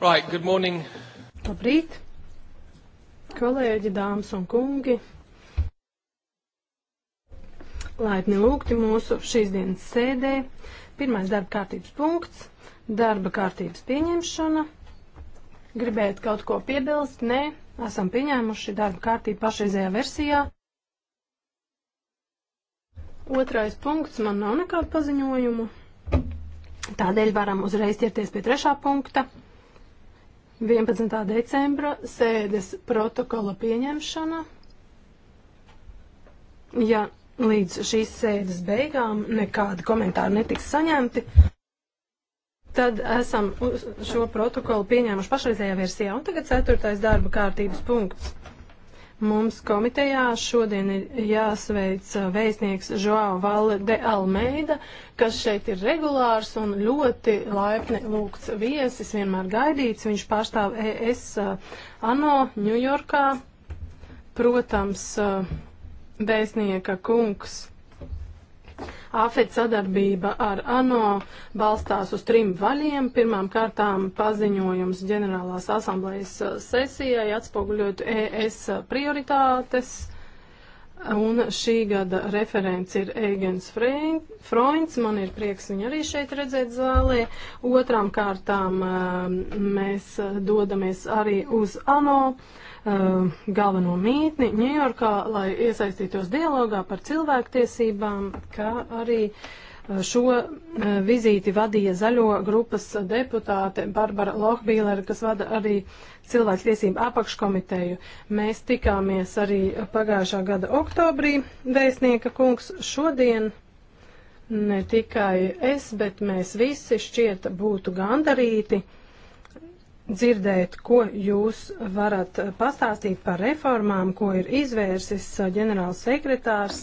Right, good morning. Labrīt, kolēģi, dāmas un kungi. Laipni lūgti mūsu šīs dienas sēdē. Pirmais darba kārtības punkts - darba kārtības pieņemšana. Gribējat kaut ko piebilst? Nē, esam pieņēmuši darba kārtību pašreizējā versijā. Otrais punkts - man nav nekādu paziņojumu. Tādēļ varam uzreiz ķerties pie trešā punkta. 11. decembra sēdes protokola pieņemšana. Ja līdz šīs sēdes beigām nekādi komentāri netiks saņemti, tad esam šo protokolu pieņēmuši pašreizējā versijā. Un tagad ceturtais darba kārtības punkts. Mums komitejā šodien ir jāsveic vēstnieks Joao Valle de Almeida, kas šeit ir regulārs un ļoti laipni lūgts viesis, vienmēr gaidīts. Viņš pārstāv ES uh, ANO Ņujorkā. Protams, uh, vēstnieka kungs AFED sadarbība ar ANO balstās uz trim vaļiem. Pirmām kārtām paziņojums ģenerālās asamblejas uh, sesijai atspoguļot ES prioritātes. Un šī gada referents ir Eigens Freunds. Man ir prieks viņu arī šeit redzēt zālē. Otrām kārtām uh, mēs uh, dodamies arī uz ANO. Uh, Um, galveno mītni Ņujorkā, lai iesaistītos dialogā par cilvēktiesībām, kā arī uh, šo uh, vizīti vadīja zaļo grupas deputāte Barbara Lohbīlera, kas vada arī cilvēktiesību apakškomiteju. Mēs tikāmies arī pagājušā gada oktobrī, vēstnieka kungs, šodien ne tikai es, bet mēs visi šķiet būtu gandarīti dzirdēt, ko jūs varat pastāstīt par reformām, ko ir izvērsis uh, ģenerāls sekretārs.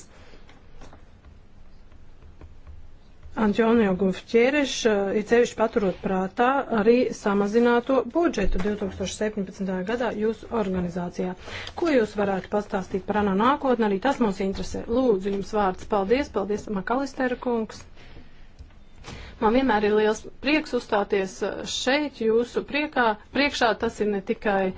Antonio Gufķēriš uh, ir cevišķi paturot prātā arī samazināto budžetu 2017. gadā jūsu organizācijā. Ko jūs varētu pastāstīt par ANO nākotni? Arī tas mūs interesē. Lūdzu, jums vārds. Paldies, paldies, Makalistera kungs. Man vienmēr ir liels prieks uzstāties uh, šeit jūsu priekā. priekšā. Tas ir ne tikai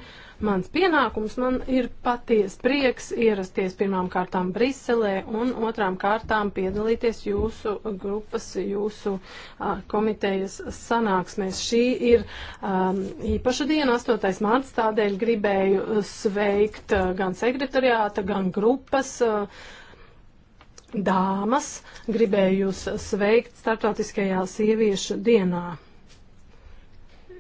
mans pienākums, man ir paties prieks ierasties pirmām kārtām Briselē un otrām kārtām piedalīties jūsu grupas, jūsu a, uh, komitejas sanāksmēs. Šī ir a, um, īpaša diena, 8. mārts, tādēļ gribēju sveikt a, uh, gan sekretariāta, gan grupas. A, dāmas, gribēju jūs sveikt Startautiskajā sieviešu dienā.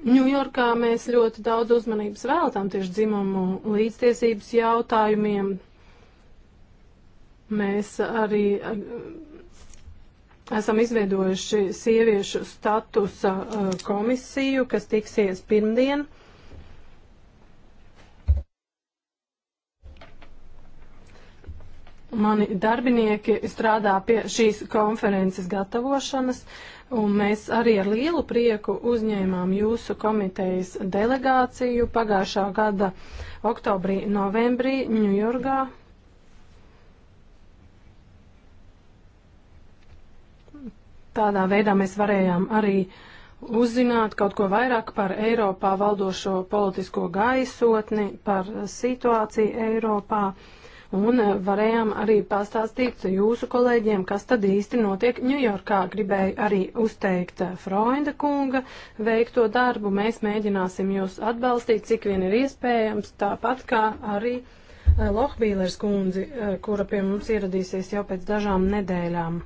Ņujorkā mēs ļoti daudz uzmanības veltām tieši dzimumu līdztiesības jautājumiem. Mēs arī eh, esam izveidojuši sieviešu statusa eh, komisiju, kas tiksies pirmdien. Mani darbinieki strādā pie šīs konferences gatavošanas, un mēs arī ar lielu prieku uzņēmām jūsu komitejas delegāciju pagājušā gada oktobrī, novembrī Ņujorgā. Tādā veidā mēs varējām arī uzzināt kaut ko vairāk par Eiropā valdošo politisko gaisotni, par situāciju Eiropā. Uh, un eh, varējām arī pastāstīt jūsu kolēģiem, kas tad īsti notiek Ņujorkā. Gribēju arī uzteikt eh, Freunda kunga veikto darbu. Mēs mēģināsim jūs atbalstīt, cik vien ir iespējams, tāpat kā arī eh, Lohbīlers kundzi, kura pie mums ieradīsies jau pēc dažām nedēļām.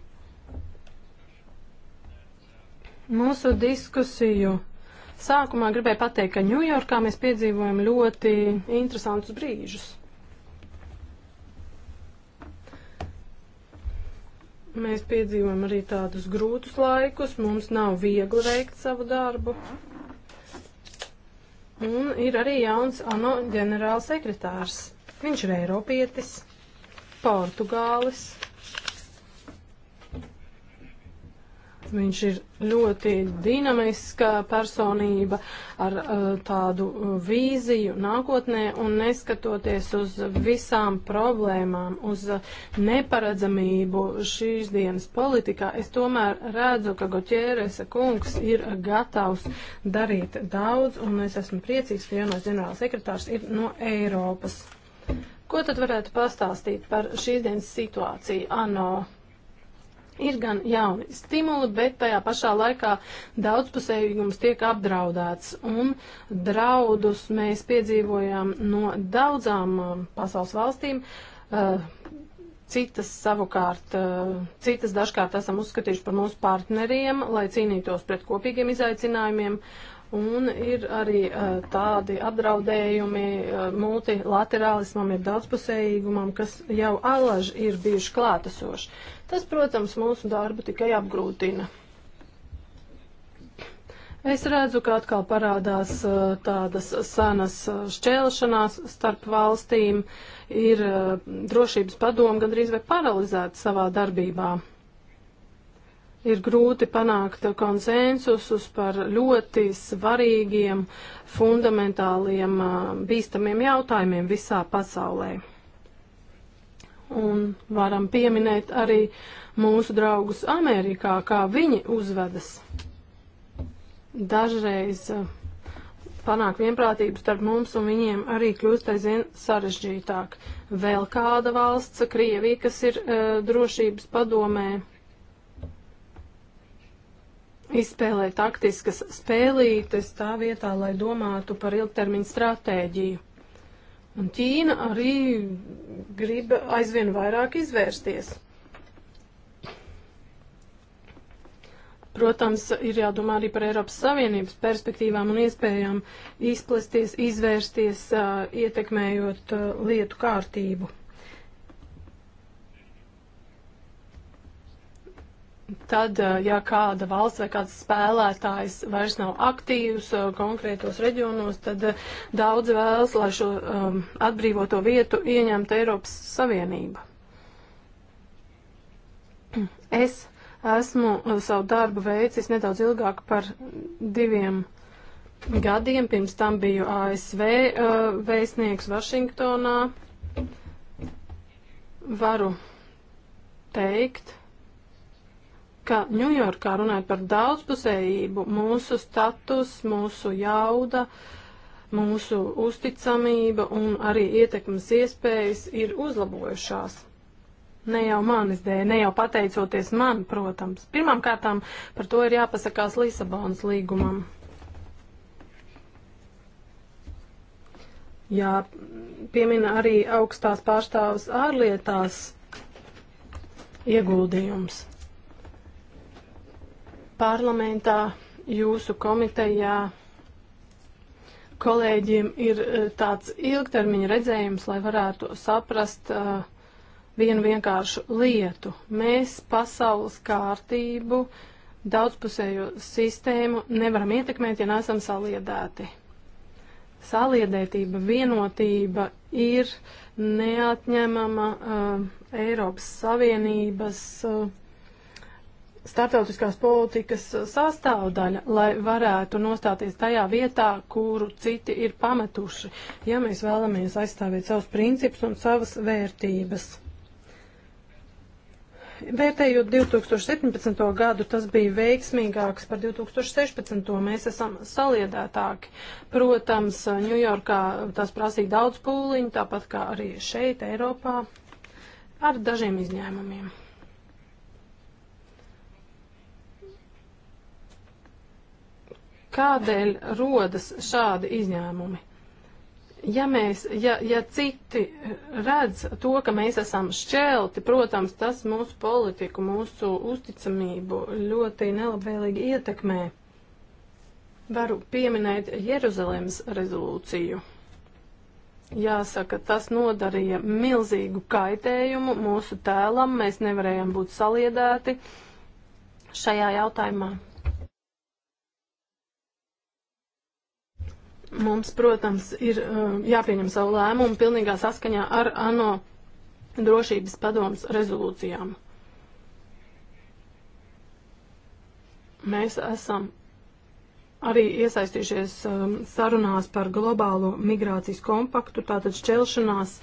Mūsu diskusiju sākumā gribēju pateikt, ka Ņujorkā mēs piedzīvojam ļoti interesantus brīžus. Mēs piedzīvojam arī tādus grūtus laikus, mums nav viegli veikt savu darbu. Un ir arī jauns ANO ģenerālsekretārs. Viņš ir Eiropietis, Portugālis, Viņš ir ļoti dinamiska personība ar uh, tādu uh, vīziju nākotnē un neskatoties uz visām problēmām, uz uh, neparedzamību šīs dienas politikā, es tomēr redzu, ka Goķēresa kungs ir gatavs darīt daudz un es esmu priecīgs, ka jaunais ģenerāls sekretārs ir no Eiropas. Ko tad varētu pastāstīt par šīs dienas situāciju ANO? Ir gan jauni stimuli, bet tajā pašā laikā daudzpusējums tiek apdraudēts, un draudus mēs piedzīvojām no daudzām um, pasaules valstīm. Uh, citas savukārt, uh, citas dažkārt esam uzskatījuši par mūsu partneriem, lai cīnītos pret kopīgiem izaicinājumiem, un ir arī uh, tādi apdraudējumi multilaterālismam, ir daudzpusējīgumam, kas jau alaži ir bijuši klātesoši. Tas, protams, mūsu darbu tikai apgrūtina. Es redzu, ka atkal parādās uh, tādas sanas uh, šķēlšanās starp valstīm, ir uh, drošības padoma gandrīz vai paralizēta savā darbībā ir grūti panākt konsensusus par ļoti svarīgiem, fundamentāliem, bīstamiem jautājumiem visā pasaulē un varam pieminēt arī mūsu draugus Amerikā, kā viņi uzvedas. Dažreiz eh, panākt vienprātību starp mums un viņiem arī kļūst aizvien sarežģītāk. Vēl kāda valsts, Krievija, kas ir uh, drošības padomē, izspēlē taktiskas spēlītes tā vietā, lai domātu par ilgtermiņu stratēģiju. Un Ķīna arī grib aizvien vairāk izvērsties. Protams, ir jādomā arī par Eiropas Savienības perspektīvām un iespējām izplesties, izvērsties, ietekmējot lietu kārtību. Tad, eh, ja kāda valsts vai kāds spēlētājs vairs nav aktīvs eh, konkrētos reģionos, tad eh, daudz vēlas, lai šo um, atbrīvoto vietu ieņemtu Eiropas Savienība. Es esmu savu darbu veicis nedaudz ilgāk par diviem gadiem. Pirms tam biju ASV uh, vēstnieks Vašingtonā. Varu teikt ka Ņujorkā runājot par daudzpusējību, mūsu status, mūsu jauda, mūsu uzticamība un arī ietekmes iespējas ir uzlabojušās. Ne jau manis dēļ, ne jau pateicoties man, protams. Pirmkārtām par to ir jāpasakās Lisabonas līgumam. Jā, piemina arī augstās pārstāvas ārlietās ieguldījums parlamentā, jūsu komitejā kolēģiem ir e, tāds ilgtermiņa redzējums, lai varētu saprast uh, vienu vienkāršu lietu. Mēs pasaules kārtību, daudzpusējo sistēmu nevaram ietekmēt, ja neesam saliedēti. Saliedētība, vienotība ir neatņemama uh, Eiropas Savienības uh, starptautiskās politikas sastāvdaļa, lai varētu nostāties tajā vietā, kuru citi ir pametuši, ja mēs vēlamies aizstāvēt savus principus un savas vērtības. Vērtējot 2017. gadu, tas bija veiksmīgāks par 2016. Mēs esam saliedētāki. Protams, Ņujorkā tas prasīja daudz pūliņu, tāpat kā arī šeit, Eiropā, ar dažiem izņēmumiem. Kādēļ rodas šādi izņēmumi? Ja, mēs, ja, ja citi redz to, ka mēs esam šķelti, protams, tas mūsu politiku, mūsu uzticamību ļoti nelabvēlīgi ietekmē. Varu pieminēt Jeruzalemes rezolūciju. Jāsaka, tas nodarīja milzīgu kaitējumu mūsu tēlam, mēs nevarējām būt saliedēti šajā jautājumā. Mums, protams, ir uh, jāpieņem savu lēmumu pilnīgā saskaņā ar ANO drošības padomas rezolūcijām. Mēs esam arī iesaistījušies um, sarunās par globālo migrācijas kompaktu, tātad šķelšanās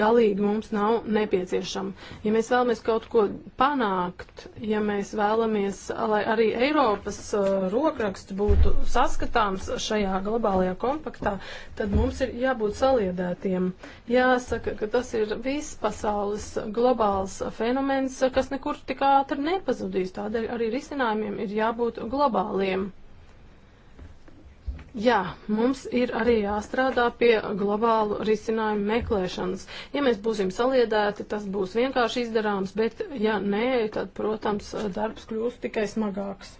galīgi mums nav nepieciešama. Ja mēs vēlamies kaut ko panākt, ja mēs vēlamies, lai arī Eiropas uh, rokraksts būtu saskatāms šajā globālajā kompaktā, tad mums ir jābūt saliedētiem. Jāsaka, ka tas ir viss pasaules globāls fenomens, kas nekur tik ātri nepazudīs, tādēļ arī risinājumiem ir jābūt globāliem. Jā, mums ir arī jāstrādā pie globālu risinājumu meklēšanas. Ja mēs būsim saliedēti, tas būs vienkārši izdarāms, bet ja nē, tad, protams, darbs kļūs tikai smagāks.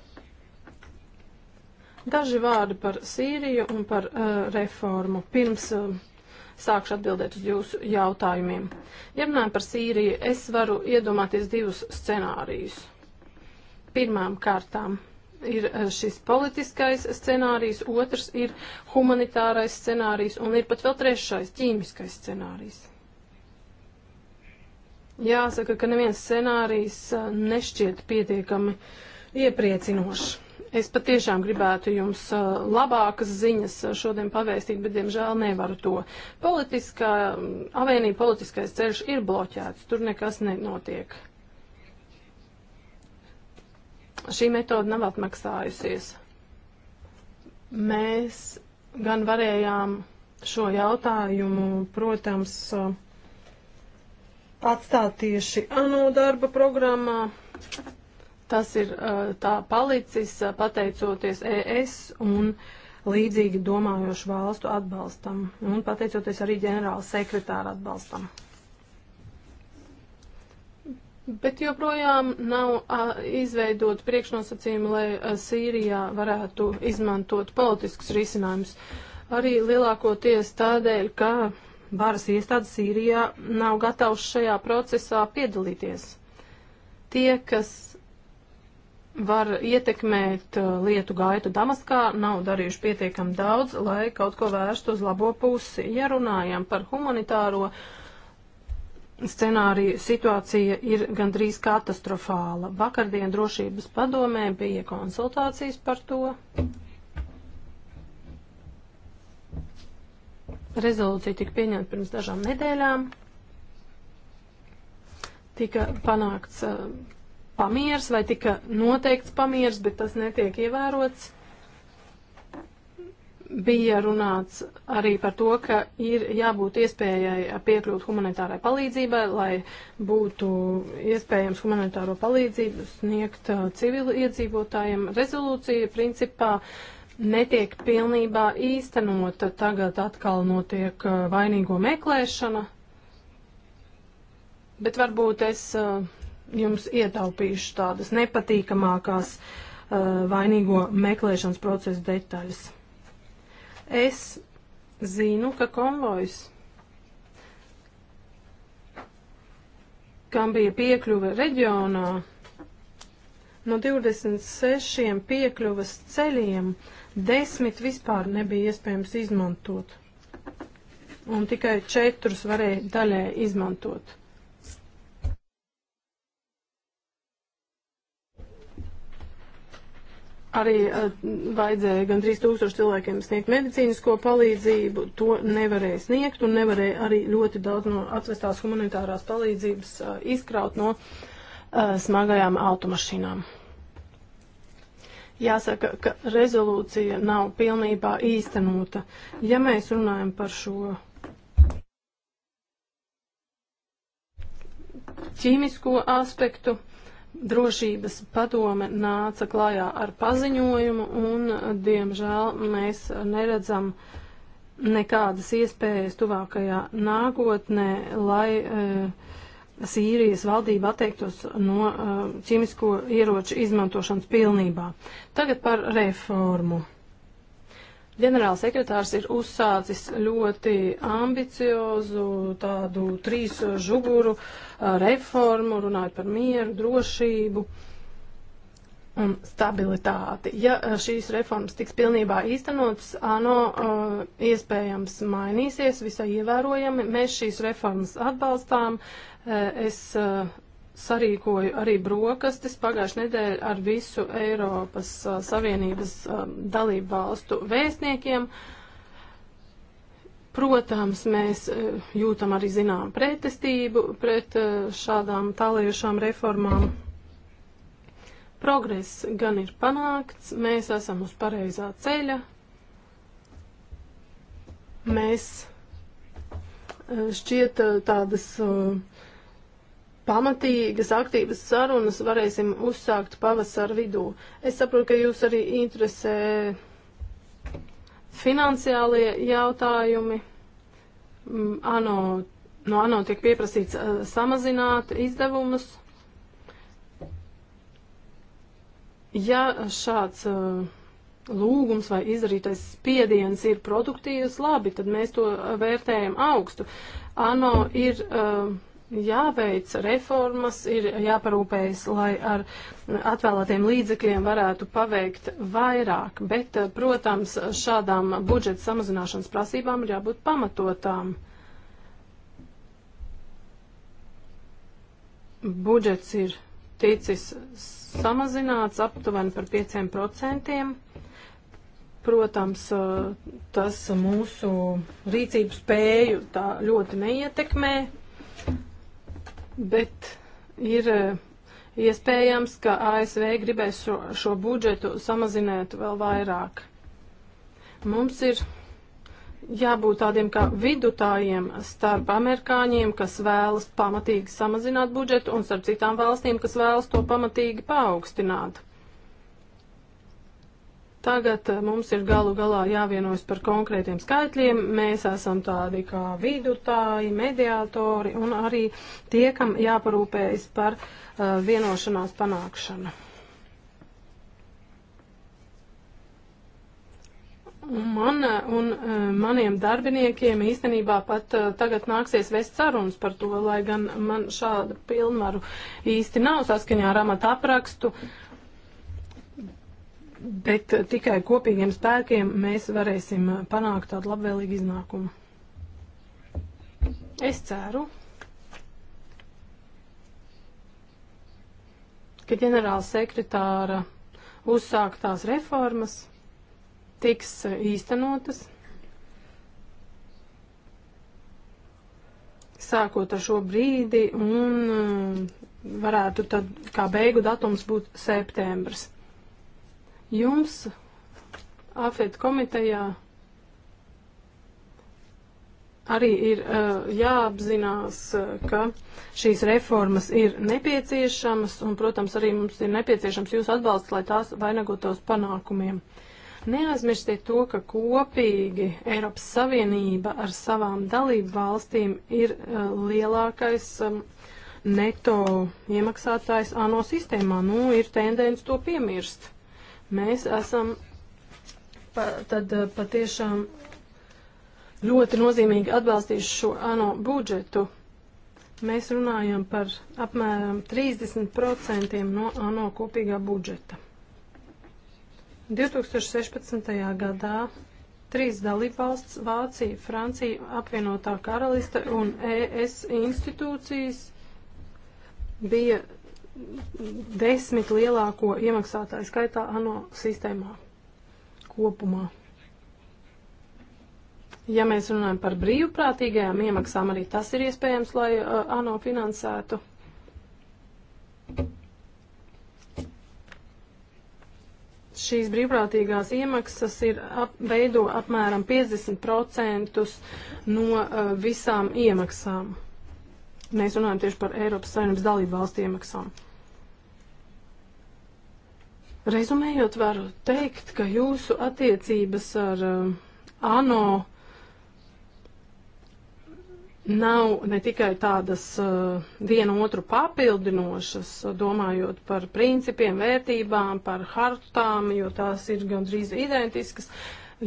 Daži vārdi par Sīriju un par uh, reformu. Pirms uh, sākšu atbildēt uz jūsu jautājumiem. Ja runājam par Sīriju, es varu iedomāties divus scenārijus. Pirmām kārtām ir eh, šis politiskais scenārijs, otrs ir humanitārais scenārijs un ir pat vēl trešais - ķīmiskais scenārijs. Jāsaka, ka neviens scenārijs eh, nešķiet pietiekami iepriecinošs. Es patiešām gribētu jums eh, labākas ziņas šodien pavēstīt, bet, diemžēl, nevaru to. Politiskā mm, avēnija, politiskais ceļš ir bloķēts, tur nekas nenotiek šī metode nav atmaksājusies. Mēs gan varējām šo jautājumu, protams, atstāt tieši ANO darba programmā. Tas ir eh, tā palicis eh, pateicoties ES un līdzīgi domājošu valstu atbalstam un pateicoties arī ģenerāla sekretāra atbalstam. Bet joprojām nav a, izveidot priekšnosacījumi, lai a, Sīrijā varētu izmantot politiskus risinājumus. Arī lielākoties tādēļ, ka varas iestādes Sīrijā nav gatavs šajā procesā piedalīties. Tie, kas var ietekmēt lietu gaitu Damaskā, nav darījuši pietiekam daudz, lai kaut ko vērstu uz labo pusi. Ja runājam par humanitāro uh, scenāriju situācija ir gandrīz katastrofāla. Vakardien drošības padomē bija konsultācijas par to. Rezolūcija tika pieņemta pirms dažām nedēļām. Tika panākts uh, eh, pamieris vai tika noteikts pamieris, bet tas netiek ievērots bija runāts arī par to, ka ir jābūt iespējai piekļūt humanitārai palīdzībai, lai būtu iespējams humanitāro palīdzību sniegt uh, civilu iedzīvotājiem. Rezolūcija principā netiek pilnībā īstenota. Tagad atkal notiek uh, vainīgo meklēšana. Bet varbūt es uh, jums ietaupīšu tādas nepatīkamākās vainīgo meklēšanas procesa detaļas. Es zinu, ka konvojs, kam bija piekļuve reģionā, no 26 piekļuvas ceļiem, desmit vispār nebija iespējams izmantot. Un tikai četrus varēja daļai izmantot. Arī uh, vajadzēja gan 3000 cilvēkiem sniegt medicīnisko palīdzību, to nevarēja sniegt un nevarēja arī ļoti daudz no atvestās humanitārās palīdzības uh, izkraut no uh, smagajām automašīnām. Jāsaka, ka rezolūcija nav pilnībā īstenota. Ja mēs runājam par šo ķīmisko aspektu, uh, drošības padome nāca klajā ar paziņojumu un, diemžēl, mēs neredzam nekādas iespējas tuvākajā nākotnē, lai uh, Sīrijas valdība atteiktos no uh, ķīmisko ieroču izmantošanas pilnībā. Tagad par reformu. Ģenerāls sekretārs ir uzsācis ļoti ambiciozu tādu trīs žuguru reformu, runājot par mieru, drošību un stabilitāti. Ja šīs reformas tiks pilnībā īstenotas, ANO uh, iespējams mainīsies visai ievērojami. Mēs šīs reformas atbalstām. Uh, es uh, sarīkoju arī brokastis pagājušajā nedēļā ar visu Eiropas a, Savienības a, dalību valstu vēstniekiem. Protams, mēs a, jūtam arī zinām pretestību pret šādām tālējušām reformām. Progress gan ir panākts, mēs esam uz pareizā ceļa. Mēs šķiet tādas uh, pamatīgas, aktīvas sarunas varēsim uzsākt pavasara vidū. Es saprotu, ka jūs arī interesē finansiālie jautājumi. Mm, ANO, no ANO tiek pieprasīts uh, samazināt izdevumus. Ja šāds uh, lūgums vai izdarītais spiediens ir produktīvs, labi, tad mēs to eh, vērtējam augstu. ANO ir uh, jāveic reformas, ir jāparūpējas, lai ar atvēlētiem līdzekļiem varētu paveikt vairāk, bet, eh, protams, šādām budžeta samazināšanas prasībām ir jābūt pamatotām. Budžets ir ticis samazināts aptuveni par 5%. Protams, eh, tas mūsu rīcības spēju tā ļoti neietekmē, bet ir eh, iespējams, ka ASV gribēs šo, šo budžetu samazināt vēl vairāk. Mums ir jābūt tādiem kā vidutājiem starp amerikāņiem, kas vēlas pamatīgi samazināt budžetu, un starp citām valstīm, kas vēlas to pamatīgi paaugstināt. Tagad eh, mums ir galu galā jāvienojas par konkrētiem skaitļiem. Mēs esam tādi kā vidutāji, mediātori un arī tie, kam jāparūpējas par uh, vienošanās panākšanu. Man eh, un maniem darbiniekiem īstenībā pat tagad nāksies vest sarunas par to, lai gan man šāda pilnvaru īsti nav saskaņā ar amata aprakstu. Uh, bet tikai kopīgiem spēkiem mēs varēsim panākt tādu labvēlīgu iznākumu. Es ceru, ka ģenerāla sekretāra uzsāktās reformas tiks īstenotas. sākot ar šo brīdi, un um, varētu tad kā beigu datums būt septembris. Jums AFED komitejā arī ir uh, jāapzinās, uh, ka šīs reformas ir nepieciešamas, un, protams, arī mums ir nepieciešams jūsu atbalsts, lai tās vainagotos panākumiem. Neaizmirstiet to, ka kopīgi Eiropas Savienība ar savām dalību valstīm ir uh, lielākais um, neto iemaksātājs ANO sistēmā. Nu, ir tendence to piemirst. Mēs esam pa, tad eh, patiešām ļoti nozīmīgi atbalstījuši šo ANO budžetu. Mēs runājam par apmēram 30% no ANO kopīgā budžeta. 2016. gadā trīs dalībvalsts - Vācija, Francija, apvienotā karaliste un ES institūcijas bija desmit lielāko iemaksātāju skaitā ANO sistēmā kopumā. Ja mēs runājam par brīvprātīgajām iemaksām, arī tas ir iespējams, lai uh, ANO finansētu. Šīs brīvprātīgās iemaksas ir ap, veido apmēram 50% no uh, visām iemaksām. Uh, Mēs runājam tieši par Eiropas Savienības dalību valstu iemaksām. Rezumējot, varu teikt, ka jūsu attiecības ar uh, ANO nav ne tikai tādas uh, vienu otru papildinošas, domājot par principiem, vērtībām, par hartām, jo tās ir gandrīz identiskas.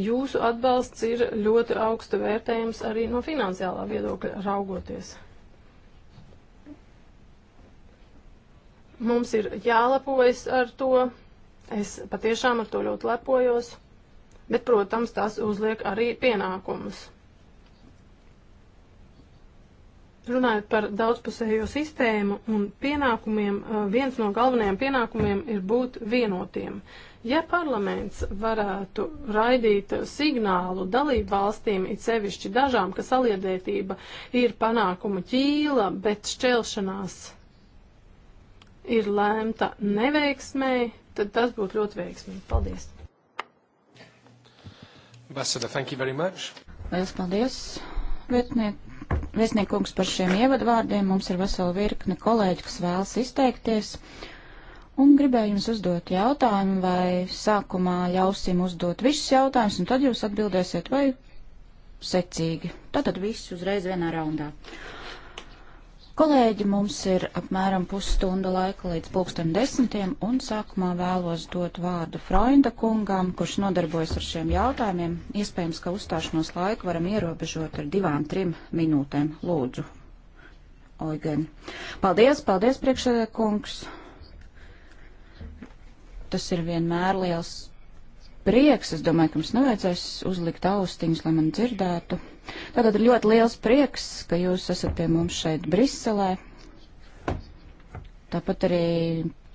Jūsu atbalsts ir ļoti augsta vērtējums arī no finansiālā viedokļa raugoties. Mums ir jālepojas ar to. Es patiešām ar to ļoti lepojos. Bet, protams, tas uzliek arī pienākumus. Runājot par daudzpusējo sistēmu un pienākumiem, eh, viens no galvenajiem pienākumiem ir būt vienotiem. Ja parlaments varētu raidīt signālu dalību valstīm, it sevišķi dažām, ka saliedētība ir panākuma ķīla, bet šķelšanās ir lēmta neveiksmē, tad tas būtu ļoti veiksmīgi. Paldies! Ambassador, thank you very much. Lielas paldies, vietniekums, par šiem ievadvārdiem. Mums ir vesela virkne kolēģi, kas vēlas izteikties. Un gribēju jums uzdot jautājumu, vai sākumā ļausim uzdot visus jautājumus, un tad jūs atbildēsiet vai secīgi. Tātad viss uzreiz vienā raundā. Kolēģi, mums ir apmēram pusstunda laika līdz pulksten desmitiem, un sākumā vēlos dot vārdu Freunda kungām, kurš nodarbojas ar šiem jautājumiem. Iespējams, ka uzstāšanos laiku varam ierobežot ar divām, trim minūtēm. Lūdzu, Oigeni. Paldies, paldies, priekšsēdē kungs. Tas ir vienmēr liels prieks. Es domāju, ka mums nevajadzēs uzlikt austiņas, lai man dzirdētu. Tātad ir ļoti liels prieks, ka jūs esat pie mums šeit Briselē. Tāpat arī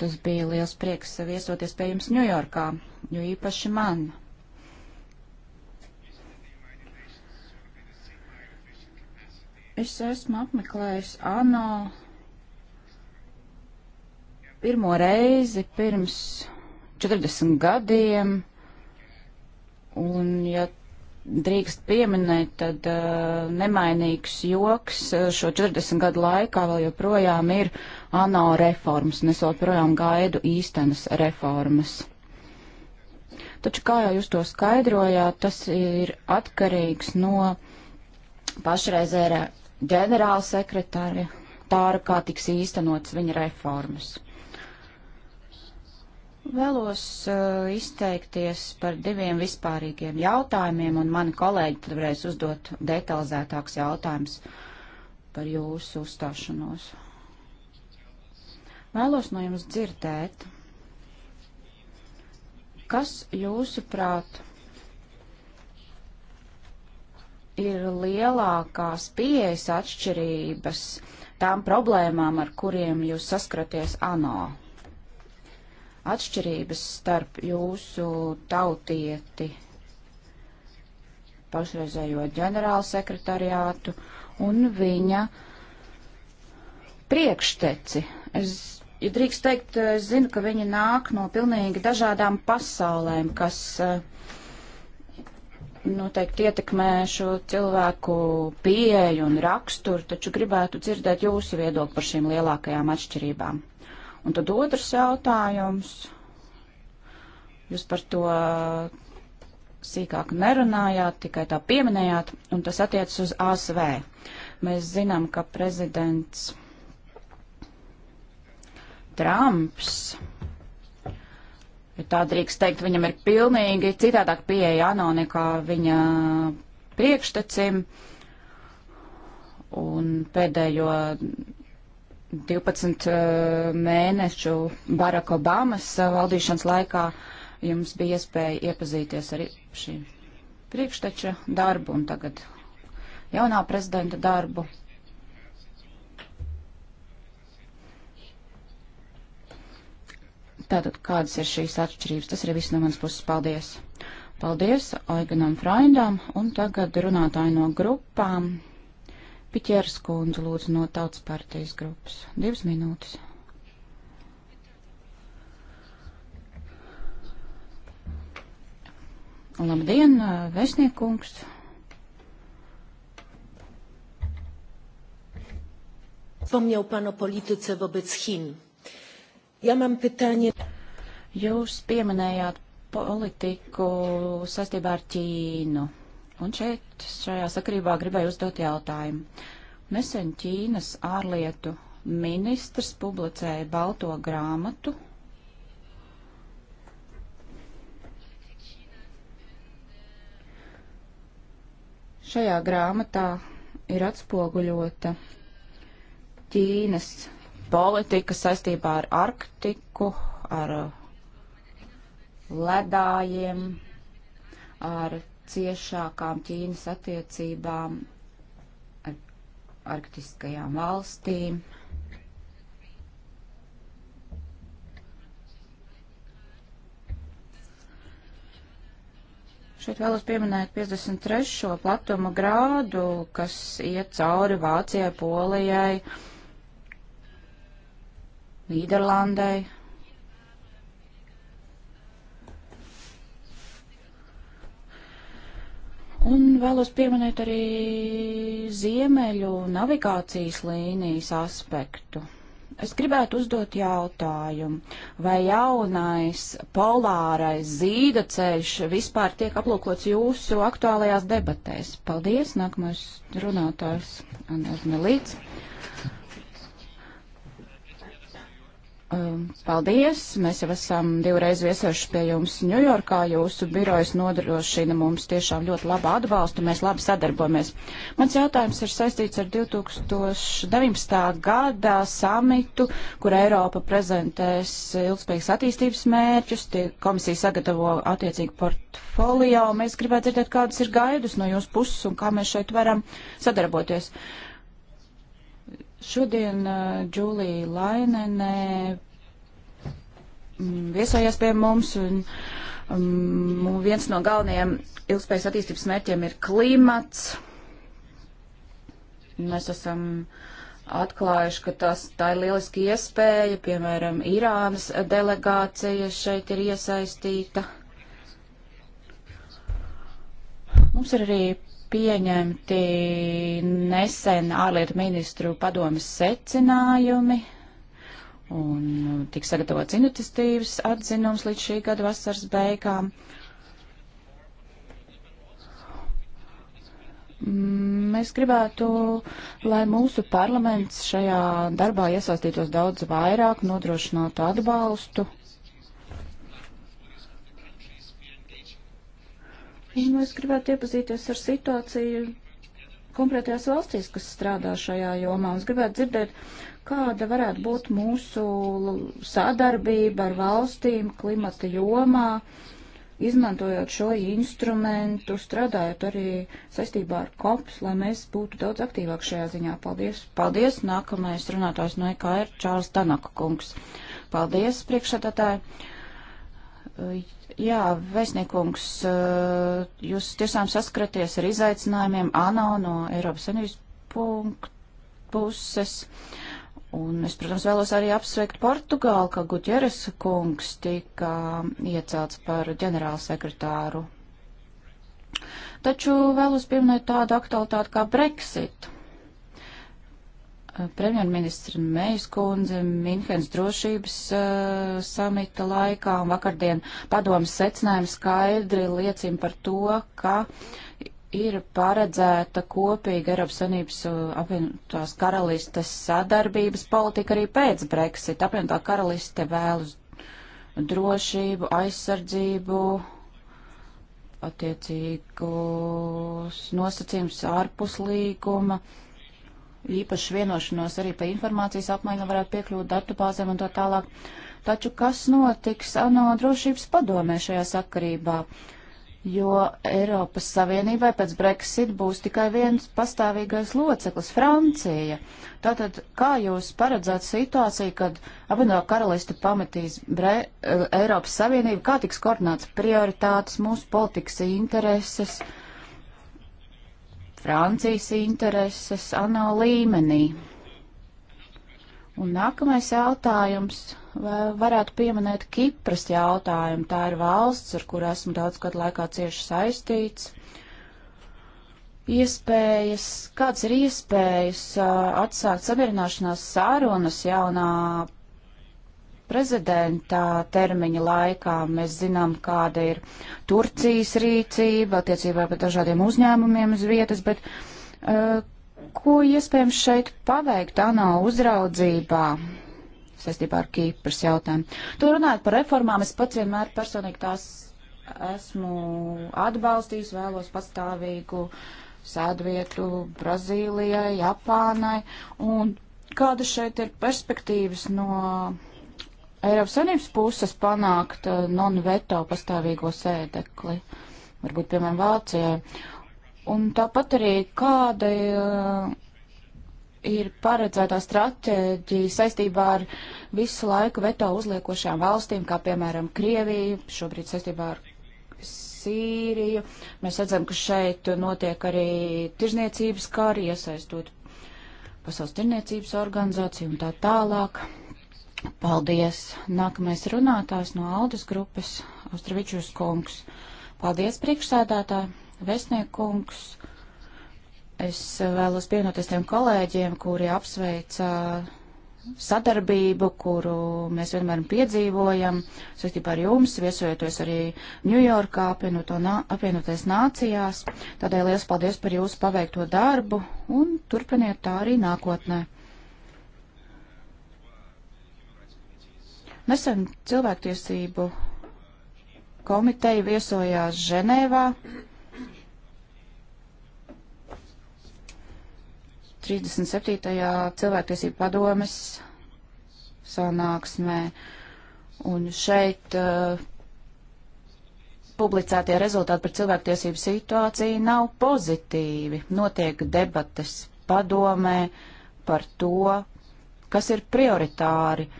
tas bija liels prieks viesoties pie jums Ņujorkā, jo īpaši man. Es esmu apmeklējis ANO pirmo reizi pirms 40 gadiem Un, ja drīkst pieminēt, tad uh, nemainīgs joks uh, šo 40 gadu laikā vēl joprojām ir ANO reformas, un es joprojām gaidu īstenas reformas. Taču, kā jau jūs to skaidrojāt, tas ir atkarīgs no pašreizējā ģenerāla sekretāra, tā kā tiks īstenots viņa reformas. Vēlos uh, izteikties par diviem vispārīgiem jautājumiem, un mani kolēģi tad varēs uzdot detalizētāks jautājums par jūsu uzstāšanos. Vēlos no jums dzirdēt, kas jūsuprāt ir lielākās pieejas atšķirības tām problēmām, ar kuriem jūs saskaraties ANO? atšķirības starp jūsu tautieti pašreizējo ģenerālu sekretariātu un viņa priekšteci. Es, ja drīkst teikt, es zinu, ka viņi nāk no pilnīgi dažādām pasaulēm, kas eh, noteikti nu, ietekmē šo cilvēku pieeju un raksturu, taču gribētu dzirdēt jūsu viedokli par šīm lielākajām atšķirībām. Un tad otrs jautājums. Jūs par to sīkāk nerunājāt, tikai tā pieminējāt, un tas attiecas uz ASV. Mēs zinām, ka prezidents Trumps, ja tā drīkst teikt, viņam ir pilnīgi citādāk pieeja ANO nekā viņa priekštecim, un pēdējo 12 eh, mēnešu Baraka Obamas eh, valdīšanas laikā jums bija iespēja iepazīties ar šī priekšteča darbu un tagad jaunā prezidenta darbu. Tātad, kādas ir šīs atšķirības? Tas arī viss no manas puses. Paldies! Paldies Aiganam Freindam un tagad runātāji no grupām. Piķers kundze lūdzu no tautas partijas grupas. Divas minūtes. Labdien, vēstniekungs! Wspomniał Pan o polityce wobec Chin. Ja mam pytanie. Jūs pieminējāt politiku saistībā ar Ķīnu. Un šeit šajā sakarībā gribēju uzdot jautājumu. Nesen Ķīnas ārlietu ministrs publicēja balto grāmatu. Šajā grāmatā ir atspoguļota Ķīnas politika saistībā ar Arktiku, ar uh, ledājiem, ar ciešākām Ķīnas attiecībām ar arktiskajām valstīm. Šeit vēlos pieminēt 53. platuma grādu, kas iet cauri Vācijai, Polijai, Nīderlandai, Un vēlos pieminēt arī ziemeļu navigācijas līnijas aspektu. Es gribētu uzdot jautājumu, vai jaunais polārais zīda ceļš vispār tiek aplūkots jūsu aktuālajās debatēs? Paldies, nākamais runātājs Anna Melīts. Um, paldies! Mēs jau esam divreiz viesojuši pie jums Ņujorkā. Jūsu birojas nodrošina mums tiešām ļoti labu atbalstu. Mēs labi sadarbojamies. Mans jautājums ir saistīts ar 2019. gada samitu, kur Eiropa prezentēs ilgspējīgas attīstības mērķus. Komisija sagatavo attiecīgu portfolio. Mēs gribētu dzirdēt, kādas ir gaidus no jūsu puses un kā mēs šeit varam sadarboties. Uh, Šodien Džūlija Lainenē mm, viesojās pie mums, un um, viens no galvenajiem ilgspējas attīstības mērķiem ir klimats. Mēs esam atklājuši, ka tas, tā ir lieliski iespēja, piemēram, Irānas delegācija šeit ir iesaistīta. Mums ir arī pieņemti nesen ārlietu ministru padomas secinājumi un tiks sagatavots iniciatīvas atzinums līdz šī gada vasaras beigām. Mēs gribētu, lai mūsu parlaments šajā darbā iesaistītos daudz vairāk, nodrošinātu atbalstu Un nu, es gribētu iepazīties ar situāciju konkrētajās valstīs, kas strādā šajā jomā. Un es gribētu dzirdēt, kāda varētu būt mūsu sadarbība ar valstīm klimata jomā, izmantojot šo instrumentu, strādājot arī saistībā ar kops, lai mēs būtu daudz aktīvāk šajā ziņā. Paldies! Paldies! Nākamais runātājs no EKR Čārls Tanaka kungs. Paldies, priekšsēdētāji! Jā, vēstniekungs, eh, jūs tiešām saskaraties ar izaicinājumiem ANO no Eiropas Savienības puses. Un es, protams, vēlos arī apsveikt Portugālu, ka Guķeres kungs tika iecelts par ģenerālsekretāru. Taču vēlos pieminēt tādu aktualitāti kā Brexit. Eh, premjerministra Mejas kundze Minhenes drošības uh, samita laikā un vakardien padomas secinājums skaidri liecina par to, ka ir paredzēta kopīga Eiropas Savienības uh, apvienotās karalistes sadarbības politika arī pēc Brexit. Apvienotā karaliste vēlas drošību, aizsardzību, attiecīgus nosacījums ārpus līguma. Uh, īpašu vienošanos arī par informācijas apmaiņu, varētu piekļūt datubāzēm un tā tālāk. Taču kas notiks ANO drošības padomē šajā sakarībā? Jo Eiropas Savienībai pēc Brexit būs tikai viens pastāvīgais loceklis - Francija. Tātad, kā jūs paredzat situāciju, kad apvienotā karaliste pametīs Bre eh, Eiropas Savienību, kā tiks koordināts prioritātes, mūsu politikas intereses? Uh, Francijas intereses ANO līmenī. Un nākamais jautājums varētu pieminēt Kipras jautājumu. Tā ir valsts, ar kuru esmu daudz gadu laikā cieši saistīts. Iespējas, kāds ir iespējas uh, atsākt samierināšanās sarunas jaunā prezidenta termiņa laikā. Mēs zinām, kāda ir Turcijas rīcība attiecībā pret dažādiem uzņēmumiem uz vietas, bet uh, ko iespējams šeit paveikt ANO uzraudzībā? saistībā ar Kīpras jautājumu. Tu runājot par reformām, es pats vienmēr personīgi tās esmu atbalstījis, vēlos pastāvīgu sēdvietu Brazīlijai, Japānai, un kādas šeit ir perspektīvas no Eiropas Savienības puses panākt uh, non-veto pastāvīgo sēdekli, varbūt, piemēram, Vācijai. Un tāpat arī kāda uh, ir paredzētā stratēģija saistībā ar visu laiku veto uzliekošām valstīm, kā piemēram Krievija, šobrīd saistībā ar Sīriju. Mēs redzam, ka šeit notiek arī tirzniecības kari, iesaistot Pasaules tirzniecības organizāciju un tā tālāk. Paldies! Nākamais runātājs no Aldas grupas - Austravičus kungs. Paldies, priekšsēdētāji, Vesnieku kungs. Es vēlos pievienoties tiem kolēģiem, kuri apsveica sadarbību, kuru mēs vienmēr piedzīvojam, saistībā ar jums, viesojoties arī Ņujorkā, apvienoto nā, apvienoties nācijās. Tādēļ liels paldies par jūsu paveikto darbu un turpiniet tā arī nākotnē. Nesen cilvēktiesību komiteja viesojās Ženēvā 37. cilvēktiesību padomes sanāksmē. Un šeit uh, publicētie rezultāti par cilvēktiesību situāciju nav pozitīvi. Notiek debates padomē par to, kas ir prioritāri. Uh,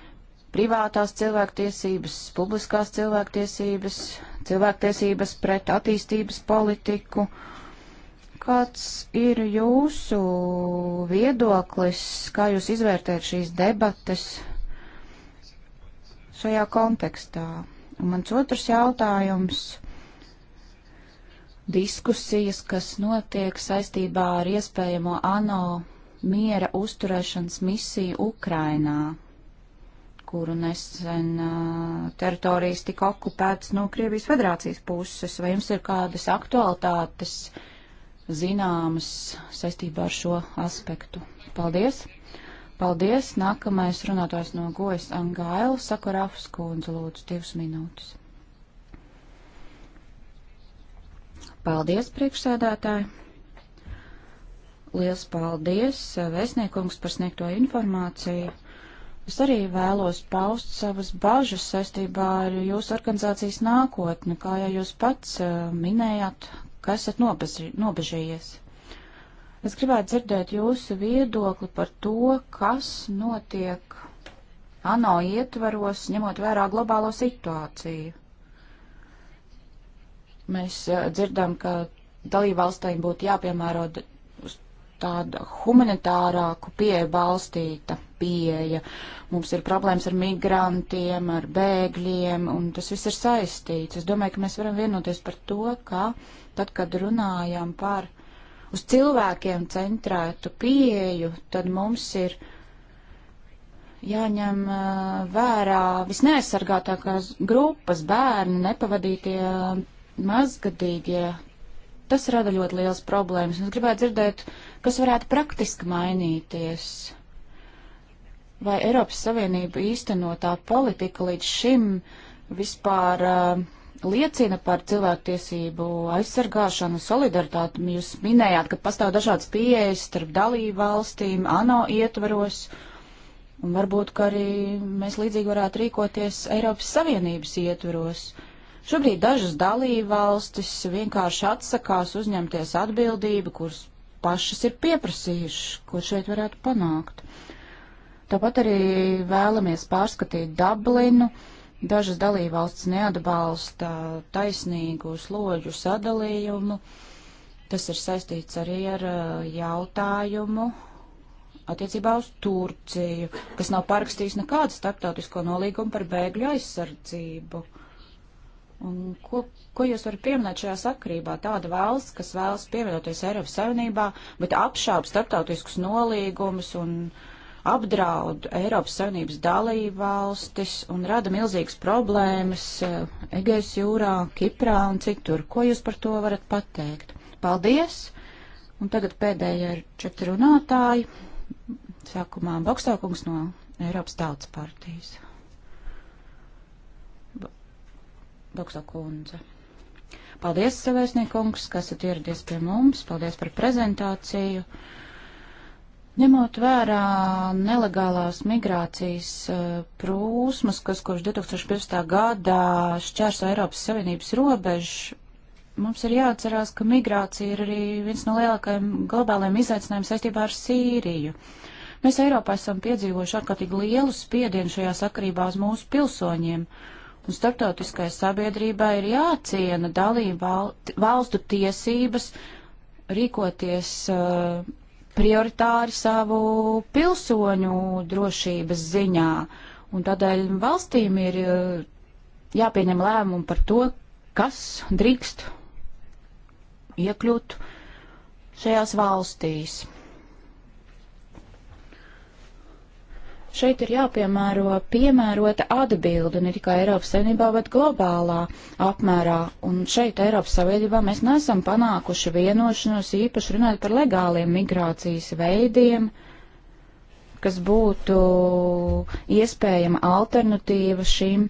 privātās cilvēktiesības, publiskās cilvēktiesības, cilvēktiesības pret attīstības politiku. Kāds ir jūsu viedoklis, kā jūs izvērtējat šīs debates šajā kontekstā? Un mans otrs jautājums - diskusijas, kas notiek saistībā ar iespējamo ANO miera uzturēšanas misiju Ukrainā kuru nesen teritorijas tika okupētas no Krievijas federācijas puses. Vai jums ir kādas aktualitātes zināmas saistībā ar šo aspektu? Paldies! Paldies! Nākamais runātājs no Gojas Angaila Sakorafs kundze lūdzu divas minūtes. Paldies, priekšsēdētāji! Liels paldies vēstniekums par sniegto informāciju! Es arī vēlos paust savas bažas saistībā ar jūsu organizācijas nākotni, kā jau jūs pats eh, minējāt, ka esat nobežījies. Es gribētu dzirdēt jūsu viedokli par to, kas notiek ANO ietvaros, ņemot vērā globālo situāciju. Mēs eh, dzirdam, ka dalībvalstīm būtu jāpiemēro tāda humanitārāku pieeja balstīta pieeja. Mums ir problēmas ar migrantiem, ar bēgļiem, un tas viss ir saistīts. Es domāju, ka mēs varam vienoties par to, ka tad, kad runājam par uz cilvēkiem centrētu pieeju, tad mums ir jāņem vērā visneaizsargātākās grupas, bērni, nepavadītie mazgadīgie, Tas rada ļoti liels problēmas. Es gribētu dzirdēt, kas varētu praktiski mainīties. Vai Eiropas Savienība īstenotā politika līdz šim vispār uh, liecina par cilvēktiesību aizsargāšanu, solidaritāti. Jūs minējāt, ka pastāv dažādas pieejas starp dalību valstīm, ANO ietvaros, un varbūt, ka arī mēs līdzīgi varētu rīkoties Eiropas Savienības ietvaros. Uh, Šobrīd dažas dalībvalstis vienkārši atsakās uzņemties atbildību, kuras pašas ir pieprasījušas, ko šeit varētu panākt. Tāpat arī vēlamies pārskatīt Dublinu. Dažas dalībvalstis neatbalsta taisnīgu sloģu sadalījumu. Tas ir saistīts arī ar uh, jautājumu attiecībā uz Turciju, kas nav parakstījis nekādu starptautisko nolīgumu par bēgļu aizsardzību. Uh, Un ko, ko jūs varat pieminēt šajā sakrībā? Tāda valsts, kas vēlas pievienoties Eiropas Savienībā, bet apšāp starptautiskus nolīgumus un apdraud Eiropas Savienības dalību valstis un rada milzīgas problēmas eh, Egejas jūrā, Kiprā un citur. Ko jūs par to varat pateikt? Paldies! Un tagad pēdējie ir četri runātāji. Sākumā Bokstākungs no Eiropas Tautas partijas. Bokso kundze. Paldies, savēstniekungs, kas esat ieradies pie mums. Paldies par prezentāciju. Ņemot vērā nelegālās migrācijas prūsmas, eh, kas kopš 2015. gadā šķērso Eiropas Savienības robežu, mums ir jāatcerās, ka migrācija ir arī viens no lielākajiem globālajiem izaicinājumiem saistībā ar Sīriju. Mēs Eiropā esam piedzīvojuši ārkārtīgi lielu spiedienu šajā sakarībā uz mūsu pilsoņiem. Uh, Un starptautiskai sabiedrībai ir jāciena dalību valstu tiesības rīkoties uh, prioritāri savu pilsoņu drošības ziņā. Un tādēļ valstīm ir uh, jāpieņem lēmumu par to, kas drīkst iekļūt šajās valstīs. Šeit ir jāpiemēro piemērota atbildi ne tikai Eiropas Savienībā, bet globālā apmērā. Un šeit Eiropas Savienībā mēs nesam panākuši vienošanos īpaši runājot par legāliem migrācijas veidiem, kas būtu iespējama alternatīva šīm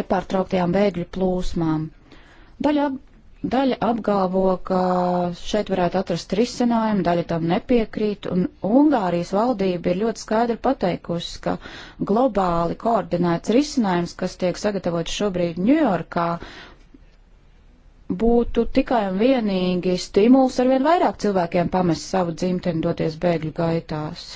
nepārtrauktajām bēgļu plūsmām. Daļa Daļa apgalvo, ka šeit varētu atrast risinājumu, daļa tam nepiekrīt, un Ungārijas valdība ir ļoti skaidri pateikusi, ka globāli koordinēts risinājums, kas tiek sagatavots šobrīd Ņujorkā, būtu tikai un vienīgi stimuls arvien vairāk cilvēkiem pamest savu dzimteni, doties bēgļu gaitās.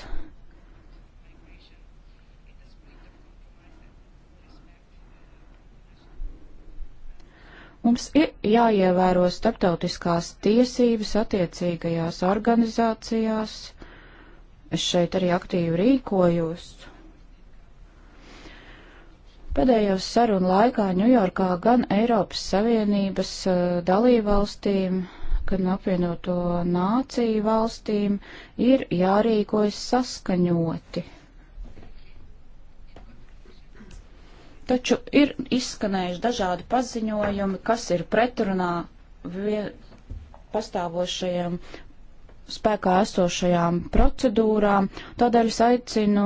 Mums ir jāievēro starptautiskās tiesības attiecīgajās organizācijās. Es šeit arī aktīvi rīkojos. Pēdējos sarunu laikā Ņujorkā gan Eiropas Savienības eh, dalībvalstīm, gan apvienoto nāciju valstīm ir jārīkojas saskaņoti Taču ir izskanējuši dažādi paziņojumi, kas ir pretrunā pastāvošajiem spēkā esošajām procedūrām. Tādēļ es aicinu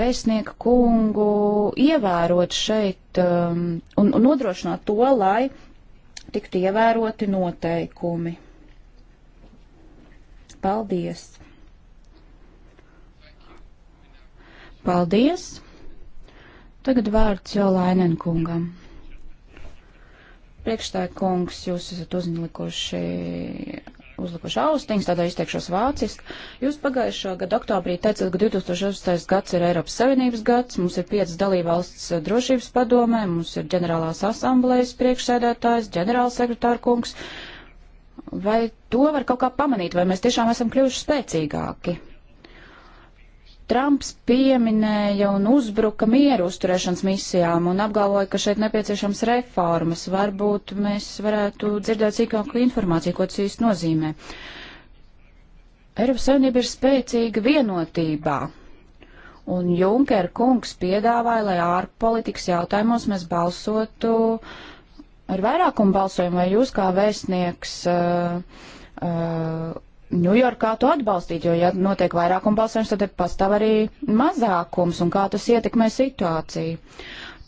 vēstnieku kungu ievērot šeit um, un, un nodrošināt to, lai tiktu ievēroti noteikumi. Paldies! Paldies! Tagad vārds jau Lainen kungam. Priekšstāja kungs, jūs esat uzlikuši, uzlikuši austiņas, tādā izteikšos vāciski. Jūs pagājušā gada oktobrī teicat, ka 2016. gads ir Eiropas Savienības gads, mums ir piecas dalībvalsts drošības padomē, mums ir ģenerālās asamblējas priekšsēdētājs, ģenerālsekretāra kungs. Vai to var kaut kā pamanīt, vai mēs tiešām esam kļuvuši spēcīgāki? Trumps pieminēja un uzbruka mieru uzturēšanas misijām un apgalvoja, ka šeit nepieciešams reformas. Varbūt mēs varētu dzirdēt cīkāku informāciju, ko tas īsti nozīmē. Eiropas Savienība ir spēcīga vienotībā, un Junker kungs piedāvāja, lai ārpolitikas jautājumos mēs balsotu ar vairākumu balsojumu, vai jūs kā vēstnieks uh, uh, Ņujorkā to atbalstīt, jo, ja notiek vairākuma balsojums, tad pastāv arī mazākums un kā tas ietekmē situāciju.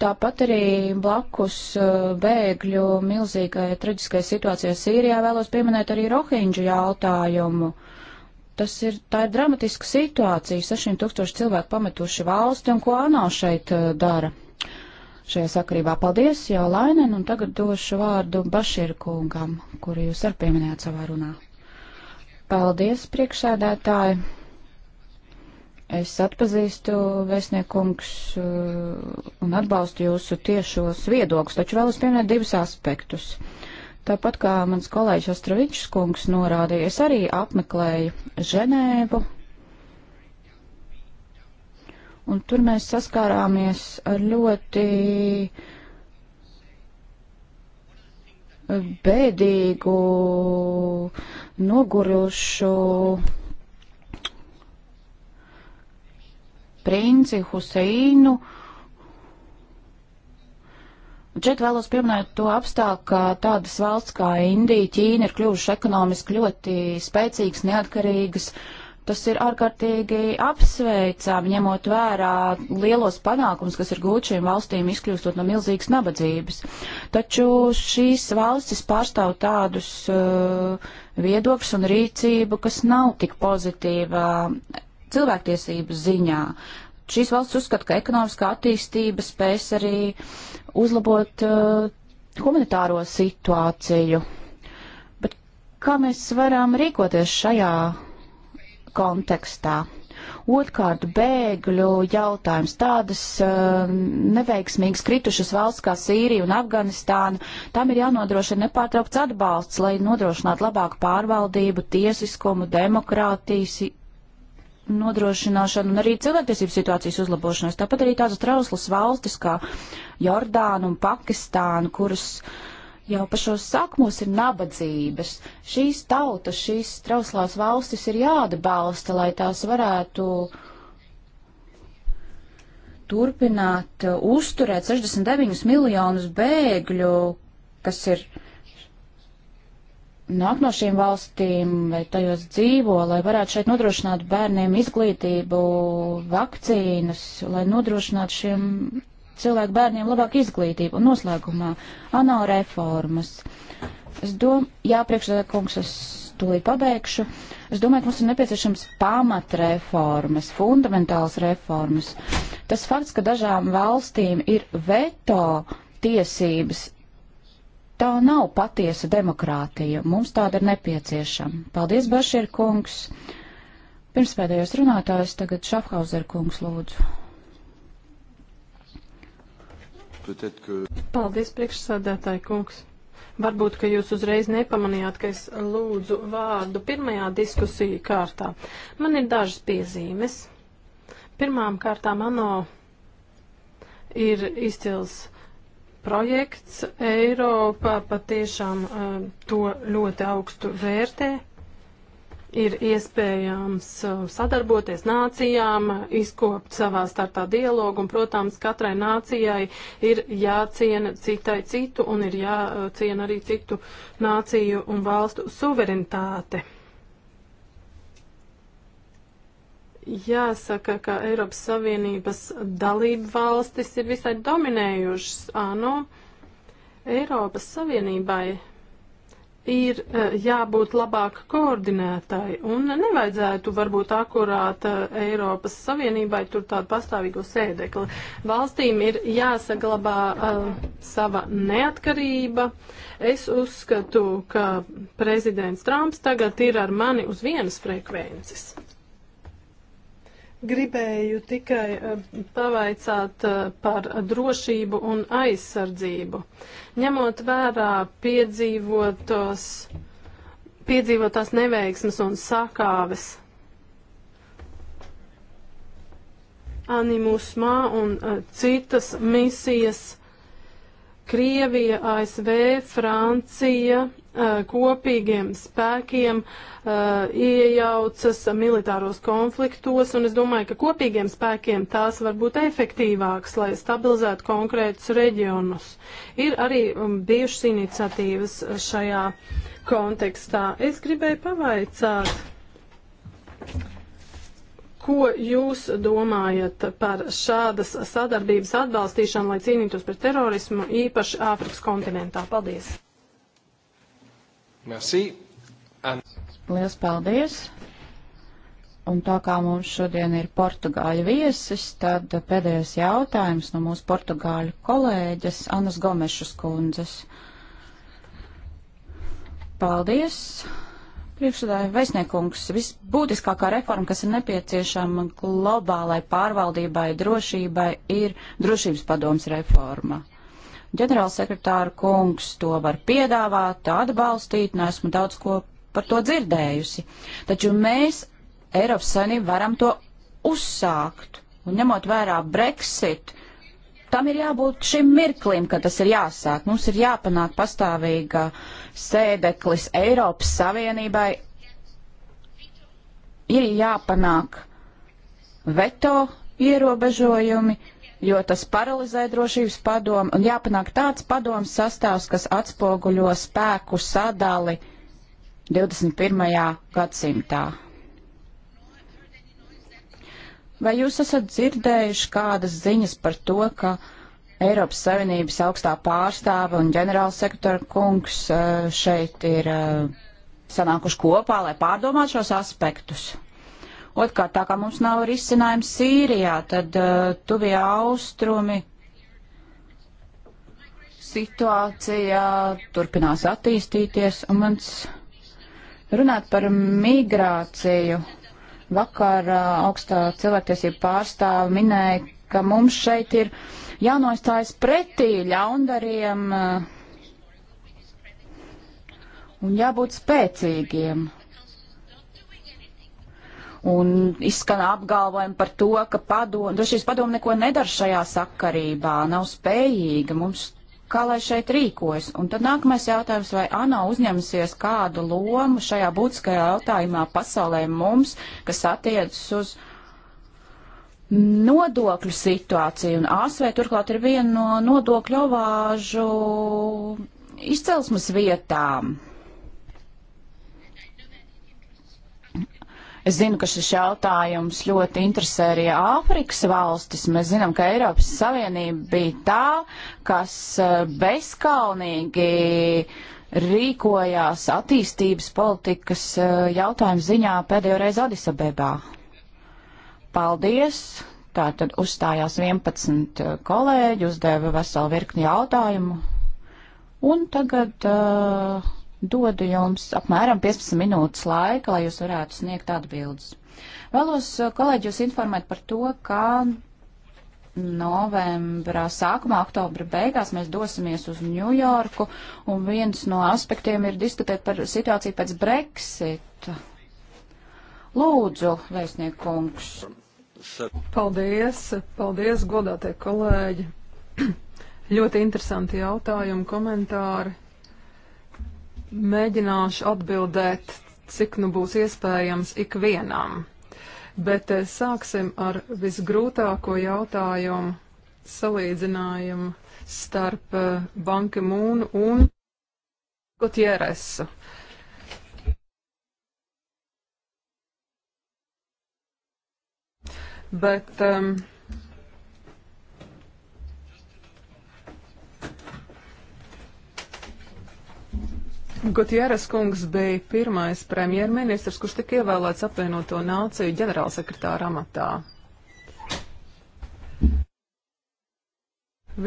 Tāpat arī blakus eh, bēgļu milzīgai traģiskai situācijai Sīrijā vēlos pieminēt arī Rohingju jautājumu. Tas ir, tā ir dramatiska situācija, 600 tūkstoši cilvēku pametuši valsti un ko ANO šeit eh, dara. Šajā sakarībā paldies, jau Lainen, un tagad došu vārdu Baširkungam, kuru jūs arī pieminējāt savā runā. Paldies, priekšsēdētāji! Es atpazīstu, vēstniekungs, uh, un atbalstu jūsu tiešos viedokļus, taču vēlos pieminēt divus aspektus. Tāpat kā mans kolēģis Ostrovičs kungs norādīja, es arī apmeklēju Ženēvu, un tur mēs saskārāmies ar ļoti uh, bēdīgu nogurušu princi Huseinu. Šeit vēlos pieminēt to apstākļu, ka tādas valsts kā Indija, Ķīna ir kļuvušas ekonomiski ļoti spēcīgas, neatkarīgas, uh, Tas ir ārkārtīgi apsveicami, ņemot vērā lielos panākums, kas ir gūti šīm valstīm, izkļūstot no milzīgas nabadzības. Taču šīs valstis pārstāv tādus uh, viedokļus un rīcību, kas nav tik pozitīva cilvēktiesības ziņā. Šīs valsts uzskata, ka ekonomiskā attīstība spēs arī uzlabot uh, humanitāro situāciju. Bet kā mēs varam rīkoties šajā kontekstā. Otkārt, bēgļu jautājums. Tādas uh, neveiksmīgas kritušas valsts kā Sīrija un Afganistāna, tam ir jānodrošina nepārtraukts atbalsts, lai nodrošinātu labāku pārvaldību, tiesiskumu, demokrātijas nodrošināšanu un arī cilvēktiesību situācijas uzlabošanos. Tāpat arī tādas trauslas valstis kā Jordāna un Pakistāna, kuras uh, jau pašos sakmos ir nabadzības. Šīs tautas, šīs trauslās valstis ir jāatbalsta, lai tās varētu turpināt uh, uzturēt 69 miljonus bēgļu, kas ir nāk no šīm valstīm vai tajos dzīvo, lai varētu šeit nodrošināt bērniem izglītību, vakcīnas, lai nodrošinātu šiem cilvēku bērniem labāku izglītību un noslēgumā ANO reformas. Es domāju, jā, priekšsēdē kungs, es tūlīt pabeigšu. Es domāju, ka mums ir nepieciešams pamatreformas, fundamentāls reformas. Tas fakts, ka dažām valstīm ir veto tiesības, tā nav patiesa demokrātija. Mums tāda ir nepieciešama. Paldies, Bašir kungs. Pirmspēdējais runātājs tagad Šafhauser kungs lūdzu. Paldies, priekšsādātāji kungs. Varbūt, ka jūs uzreiz nepamanījāt, ka es lūdzu vārdu pirmajā diskusiju kārtā. Man ir dažas piezīmes. Pirmām kārtām ANO ir izcils projekts. Eiropa patiešām eh, to ļoti augstu vērtē ir iespējams uh, sadarboties nācijām, izkopt savā startā dialogu, un, protams, katrai nācijai ir jāciena citai citu un ir jāciena arī citu nāciju un valstu suverenitāte. Jāsaka, ka Eiropas Savienības dalību valstis ir visai dominējušas ANO. Eiropas Savienībai ir eh, jābūt labāk koordinētai un nevajadzētu varbūt akurāt eh, Eiropas Savienībai tur tādu pastāvīgo sēdekli. Valstīm ir jāsaglabā uh, sava neatkarība. Es uzskatu, ka prezidents Trumps tagad ir ar mani uz vienas frekvences. Gribēju tikai eh, pavaicāt eh, par drošību un aizsardzību. Ņemot vērā piedzīvotos, piedzīvotās neveiksmes un sakāves animusmā un eh, citas misijas Krievija, ASV, Francija kopīgiem spēkiem uh, iejaucas militāros konfliktos, un es domāju, ka kopīgiem spēkiem tās var būt efektīvākas, lai stabilizētu konkrētus reģionus. Ir arī um, bijušas iniciatīvas šajā kontekstā. Es gribēju pavaicāt. Ko jūs domājat par šādas sadarbības atbalstīšanu, lai cīnītos pret terorismu, īpaši Āfrikas kontinentā? Paldies! Merci. And... Lielas paldies! Un tā kā mums šodien ir portugāļu viesis, tad pēdējais jautājums no mūsu portugāļu kolēģes Anas Gomešas kundzes. Paldies! Priekšsēdāja Vēsniekungs, visbūtiskākā reforma, kas ir nepieciešama globālai pārvaldībai, drošībai, ir drošības padoms reforma ģenerālsekretāra kungs to var piedāvāt, atbalstīt, un nu, esmu daudz ko par to dzirdējusi. Taču mēs, Eiropas Savienība, varam to uzsākt. Un ņemot vērā Brexit, tam ir jābūt šim mirklim, kad tas ir jāsāk. Mums ir jāpanāk pastāvīga sēdeklis Eiropas Savienībai. Ir jāpanāk veto ierobežojumi, jo tas paralizē drošības padomu un jāpanāk tāds padoms sastāvs, kas atspoguļo spēku sadali 21. gadsimtā. Vai jūs esat dzirdējuši kādas ziņas par to, ka Eiropas Savienības augstā pārstāve un ģenerālsektora kungs eh, šeit ir eh, sanākuši kopā, lai pārdomātu šos aspektus? Otkārt, tā kā mums nav risinājums Sīrijā, tad uh, tuvie austrumi situācija turpinās attīstīties, un mans runāt par migrāciju. Vakar uh, augstā cilvēktiesība pārstāva minēja, ka mums šeit ir jānostājas pretī ļaundariem uh, un jābūt spēcīgiem un izskanā apgalvojumi par to, ka padomu, drošības padomu neko nedara šajā sakarībā, nav spējīga mums, kā lai šeit rīkojas. Un tad nākamais jautājums, vai ANO uzņemsies kādu lomu šajā būtiskajā jautājumā pasaulē mums, kas attiecas uz nodokļu situāciju, un ASV turklāt ir viena no nodokļu ovāžu izcelsmes vietām Es zinu, ka šis jautājums ļoti interesē arī Āfrikas valstis. Mēs zinām, ka Eiropas Savienība bija tā, kas eh, bezkalnīgi rīkojās attīstības politikas eh, jautājumu ziņā pēdējo reizi Adisabebā. Paldies! Tā tad uzstājās 11 eh, kolēģi, uzdeva veselu virkni jautājumu. Un tagad uh, dodu jums apmēram 15 minūtes laika, lai jūs varētu sniegt atbildes. Vēlos eh, kolēģi jūs informēt par to, ka novembra sākumā, oktobra beigās mēs dosimies uz Ņujorku, un viens no aspektiem ir diskutēt par situāciju pēc Brexit. Lūdzu, vēstnieku kungs. Paldies, paldies, godātie kolēģi. Ļoti interesanti jautājumi, komentāri. Mēģināšu atbildēt, cik nu būs iespējams ikvienam. Bet eh, sāksim ar visgrūtāko jautājumu salīdzinājumu starp eh, Banka Mūnu un Gutieresu. Bet um, Gutieres kungs bija pirmais premjerministrs, kurš tika ievēlēts apvienoto nāciju ģenerālsekretāra amatā.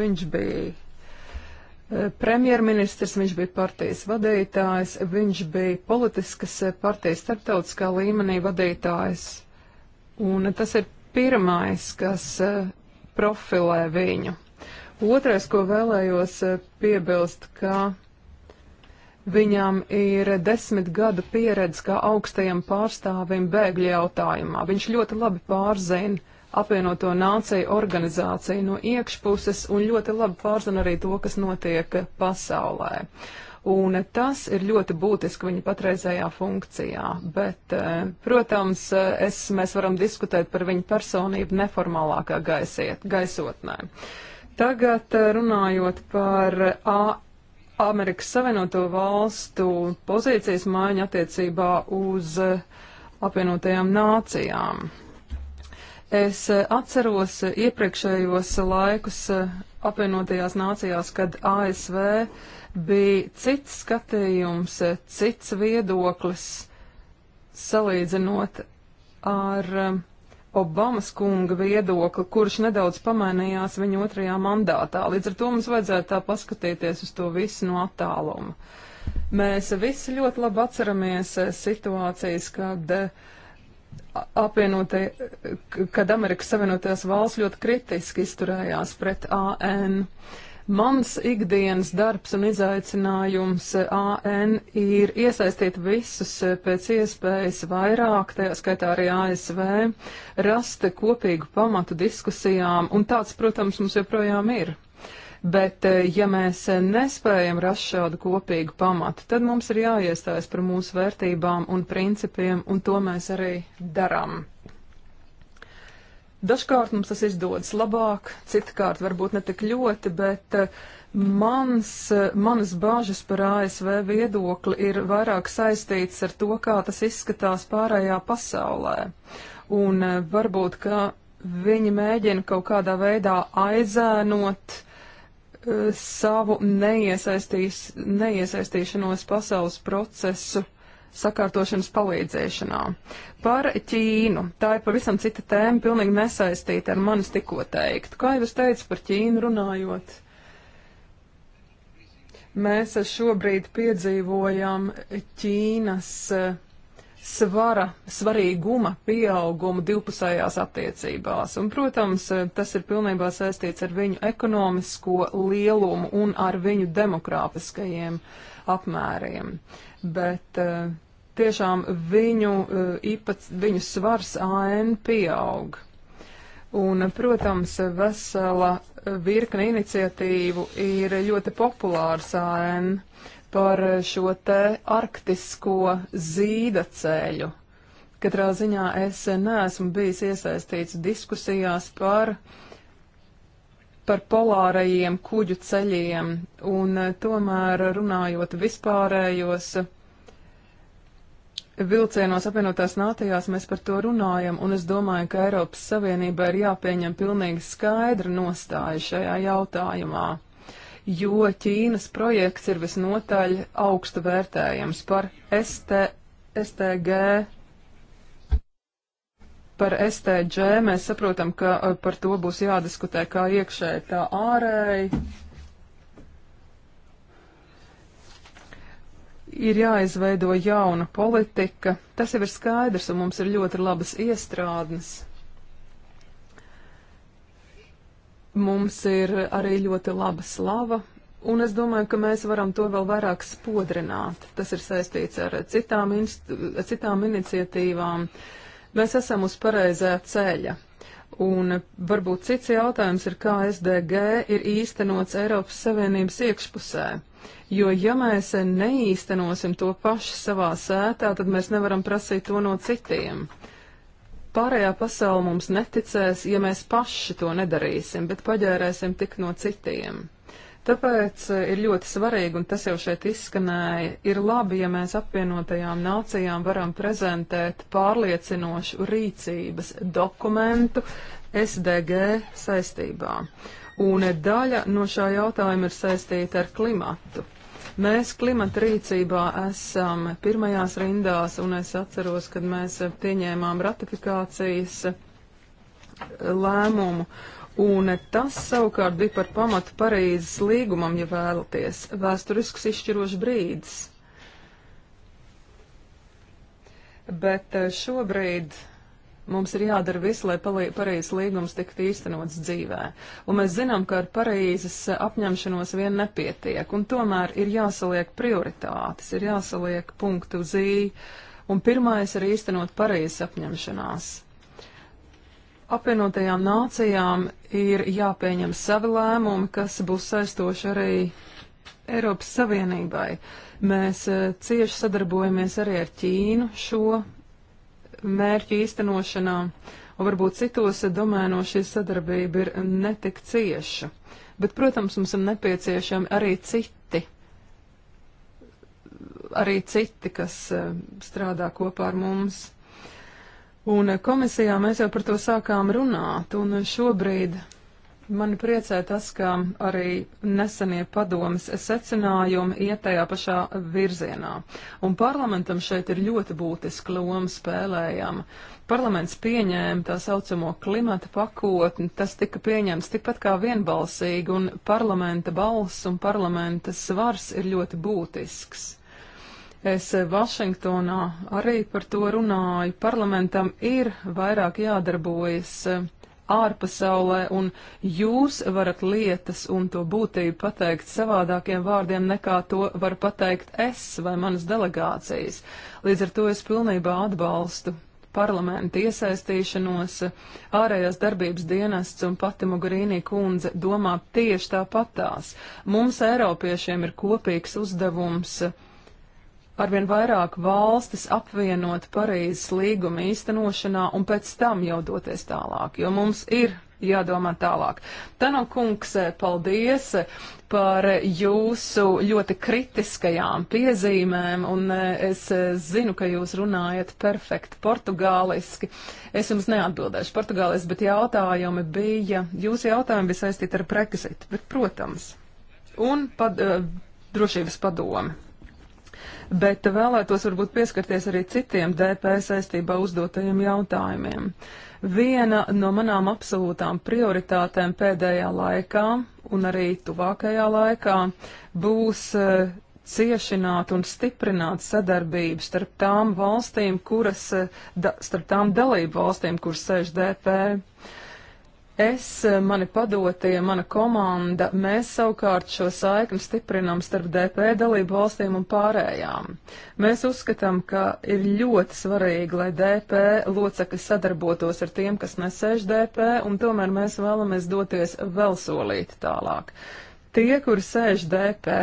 Viņš bija e, premjerministrs, viņš bija partijas vadītājs, viņš bija politiskas e, partijas starptautiskā līmenī vadītājs. Un tas ir pirmais, kas e, profilē viņu. Otrais, ko vēlējos piebilst, ka Viņam ir desmit gadu pieredze kā augstajam pārstāvim bēgļu jautājumā. Viņš ļoti labi pārzina apvienoto nāciju organizāciju no iekšpuses un ļoti labi pārzina arī to, kas notiek pasaulē. Un tas ir ļoti būtiski viņa patreizējā funkcijā. Bet, eh, protams, eh, es, mēs varam diskutēt par viņa personību neformālākā gaisiet, gaisotnē. Tagad eh, runājot par A Amerikas Savienoto Valstu pozīcijas maiņa attiecībā uz eh, apvienotajām nācijām. Es eh, atceros eh, iepriekšējos laikus apvienotajās nācijās, kad ASV bija cits skatījums, cits viedoklis salīdzinot ar uh, Obamas kunga viedokli, kurš nedaudz pamainījās viņa otrajā mandātā. Līdz ar to mums vajadzētu tā paskatīties uz to visu no attāluma. Mēs visi ļoti labi atceramies eh, situācijas, kad eh, apvienotie, kad Amerikas Savienotajās valsts ļoti kritiski izturējās pret AN. Uh, Mans ikdienas darbs un izaicinājums eh, AN ir iesaistīt visus eh, pēc iespējas vairāk, tajā skaitā arī ASV, rast kopīgu pamatu diskusijām, un tāds, protams, mums joprojām ir. Bet, eh, ja mēs nespējam rast šādu kopīgu pamatu, tad mums ir jāiestājas par mūsu vērtībām un principiem, un to mēs arī darām. Dažkārt mums tas izdodas labāk, citkārt varbūt ne tik ļoti, bet eh, mans, eh, manas bāžas par ASV viedokli ir vairāk saistīts ar to, kā tas izskatās pārējā pasaulē. Un eh, varbūt, ka viņi mēģina kaut kādā veidā aizēnot savu neiesaistīšanos pasaules procesu sakārtošanas palīdzēšanā. Par Ķīnu. Tā ir pavisam cita tēma, pilnīgi nesaistīta ar manis tikko teiktu. Kā jau es teicu par Ķīnu runājot? Mēs šobrīd piedzīvojam Ķīnas eh, svara, svarīguma pieaugumu divpusējās attiecībās. Un, protams, eh, tas ir pilnībā saistīts ar viņu ekonomisko lielumu un ar viņu demokrātiskajiem apmēriem. Bet eh, tiešām viņu, eh, īpats, viņu svars AN pieaug. Un, protams, vesela virkne iniciatīvu ir ļoti populārs AN par šo te arktisko zīda ceļu. Katrā ziņā es neesmu bijis iesaistīts diskusijās par uh, par polārajiem kuģu ceļiem, un eh, tomēr runājot vispārējos Vilcienos apvienotās nācijās mēs par to runājam, un es domāju, ka Eiropas Savienībai ir jāpieņem pilnīgi skaidra nostāja šajā jautājumā, jo Ķīnas projekts ir visnotaļ augstu vērtējams par ST, STG. Par STG mēs saprotam, ka uh, par to būs jādiskutē kā iekšēji, tā ārēji ir jāizveido jauna politika. Tas jau ir skaidrs, un mums ir ļoti labas iestrādnes. Mums ir arī ļoti laba slava, un es domāju, ka mēs varam to vēl vairāk spodrināt. Tas ir saistīts ar citām, citām iniciatīvām. Mēs esam uz pareizā ceļa. Un varbūt cits jautājums ir, kā SDG ir īstenots Eiropas Savienības iekšpusē. Uh, jo ja mēs neīstenosim to pašu savā sētā, tad mēs nevaram prasīt to no citiem. Pārējā pasaule mums neticēs, ja mēs paši to nedarīsim, bet paģērēsim tik no citiem. Tāpēc e, ir ļoti svarīgi, un tas jau šeit izskanēja, ir labi, ja mēs apvienotajām nācijām varam prezentēt pārliecinošu rīcības dokumentu SDG saistībā. Un daļa no šā jautājuma ir saistīta ar klimatu. Mēs klimata rīcībā esam pirmajās rindās, un es atceros, kad mēs pieņēmām ratifikācijas lēmumu. Un tas savukārt bija par pamatu Parīzes līgumam, ja vēlaties, vēsturisks izšķirošs brīdis. Bet eh, šobrīd Mums ir jādara viss, lai Parīzes līgums tiktu īstenots dzīvē. Un mēs zinām, ka ar Parīzes apņemšanos vien nepietiek, un tomēr ir jāsaliek prioritātes, ir jāsaliek punktu uzī, un pirmais ir īstenot Parīzes apņemšanās. Apvienotajām nācijām ir jāpieņem savi lēmumi, kas būs saistoši arī Eiropas Savienībai. Mēs eh, cieši sadarbojamies arī ar Ķīnu šo mērķu īstenošanā, un varbūt citos domēnos šī sadarbība ir netik cieša. Bet, protams, mums ir nepieciešami arī citi, arī citi, kas eh, strādā kopā ar mums. Un eh, komisijā mēs jau par to sākām runāt, un šobrīd Mani priecē tas, ka arī nesenie padomas secinājumi iet tajā pašā virzienā, un parlamentam šeit ir ļoti būtiska loma spēlējama. Parlaments pieņēma tā saucamo klimata pakotni, tas tika pieņemts tikpat kā vienbalsīgi, un parlamenta balss un parlamenta svars ir ļoti būtisks. Es Vašingtonā arī par to runāju. Parlamentam ir vairāk jādarbojas ārpasaulē, un jūs varat lietas un to būtību pateikt savādākiem vārdiem, nekā to var pateikt es vai manas delegācijas. Līdz ar to es pilnībā atbalstu parlamenta iesaistīšanos, ārējās darbības dienests un pati Mogurīnī kundze domā tieši tāpatās. Mums, Eiropiešiem, ir kopīgs uzdevums arvien vairāk valstis apvienot Parīzes līguma īstenošanā un pēc tam jau doties tālāk, jo mums ir jādomā tālāk. Tano kungs, paldies par jūsu ļoti kritiskajām piezīmēm, un es zinu, ka jūs runājat perfekti portugāliski. Es jums neatbildēšu portugāliski, bet jautājumi bija, jūsu jautājumi bija saistīti ar Brexit, bet, protams, un pad, eh, drošības padomi bet vēlētos varbūt pieskarties arī citiem DPS saistībā uzdotajiem jautājumiem. Viena no manām absolūtām prioritātēm pēdējā laikā un arī tuvākajā laikā būs e, ciešināt un stiprināt sadarbību starp tām valstīm, kuras, e, da, starp tām dalību valstīm, kuras sēž DP. Uh, Es, eh, mani padotie, mana komanda, mēs savukārt šo saikni stiprinām starp DP dalību valstīm un pārējām. Mēs uzskatām, ka ir ļoti svarīgi, lai DP locekļi sadarbotos ar tiem, kas nesēž DP, un tomēr mēs vēlamies doties vēl solīti tālāk. Tie, kur sēž DP,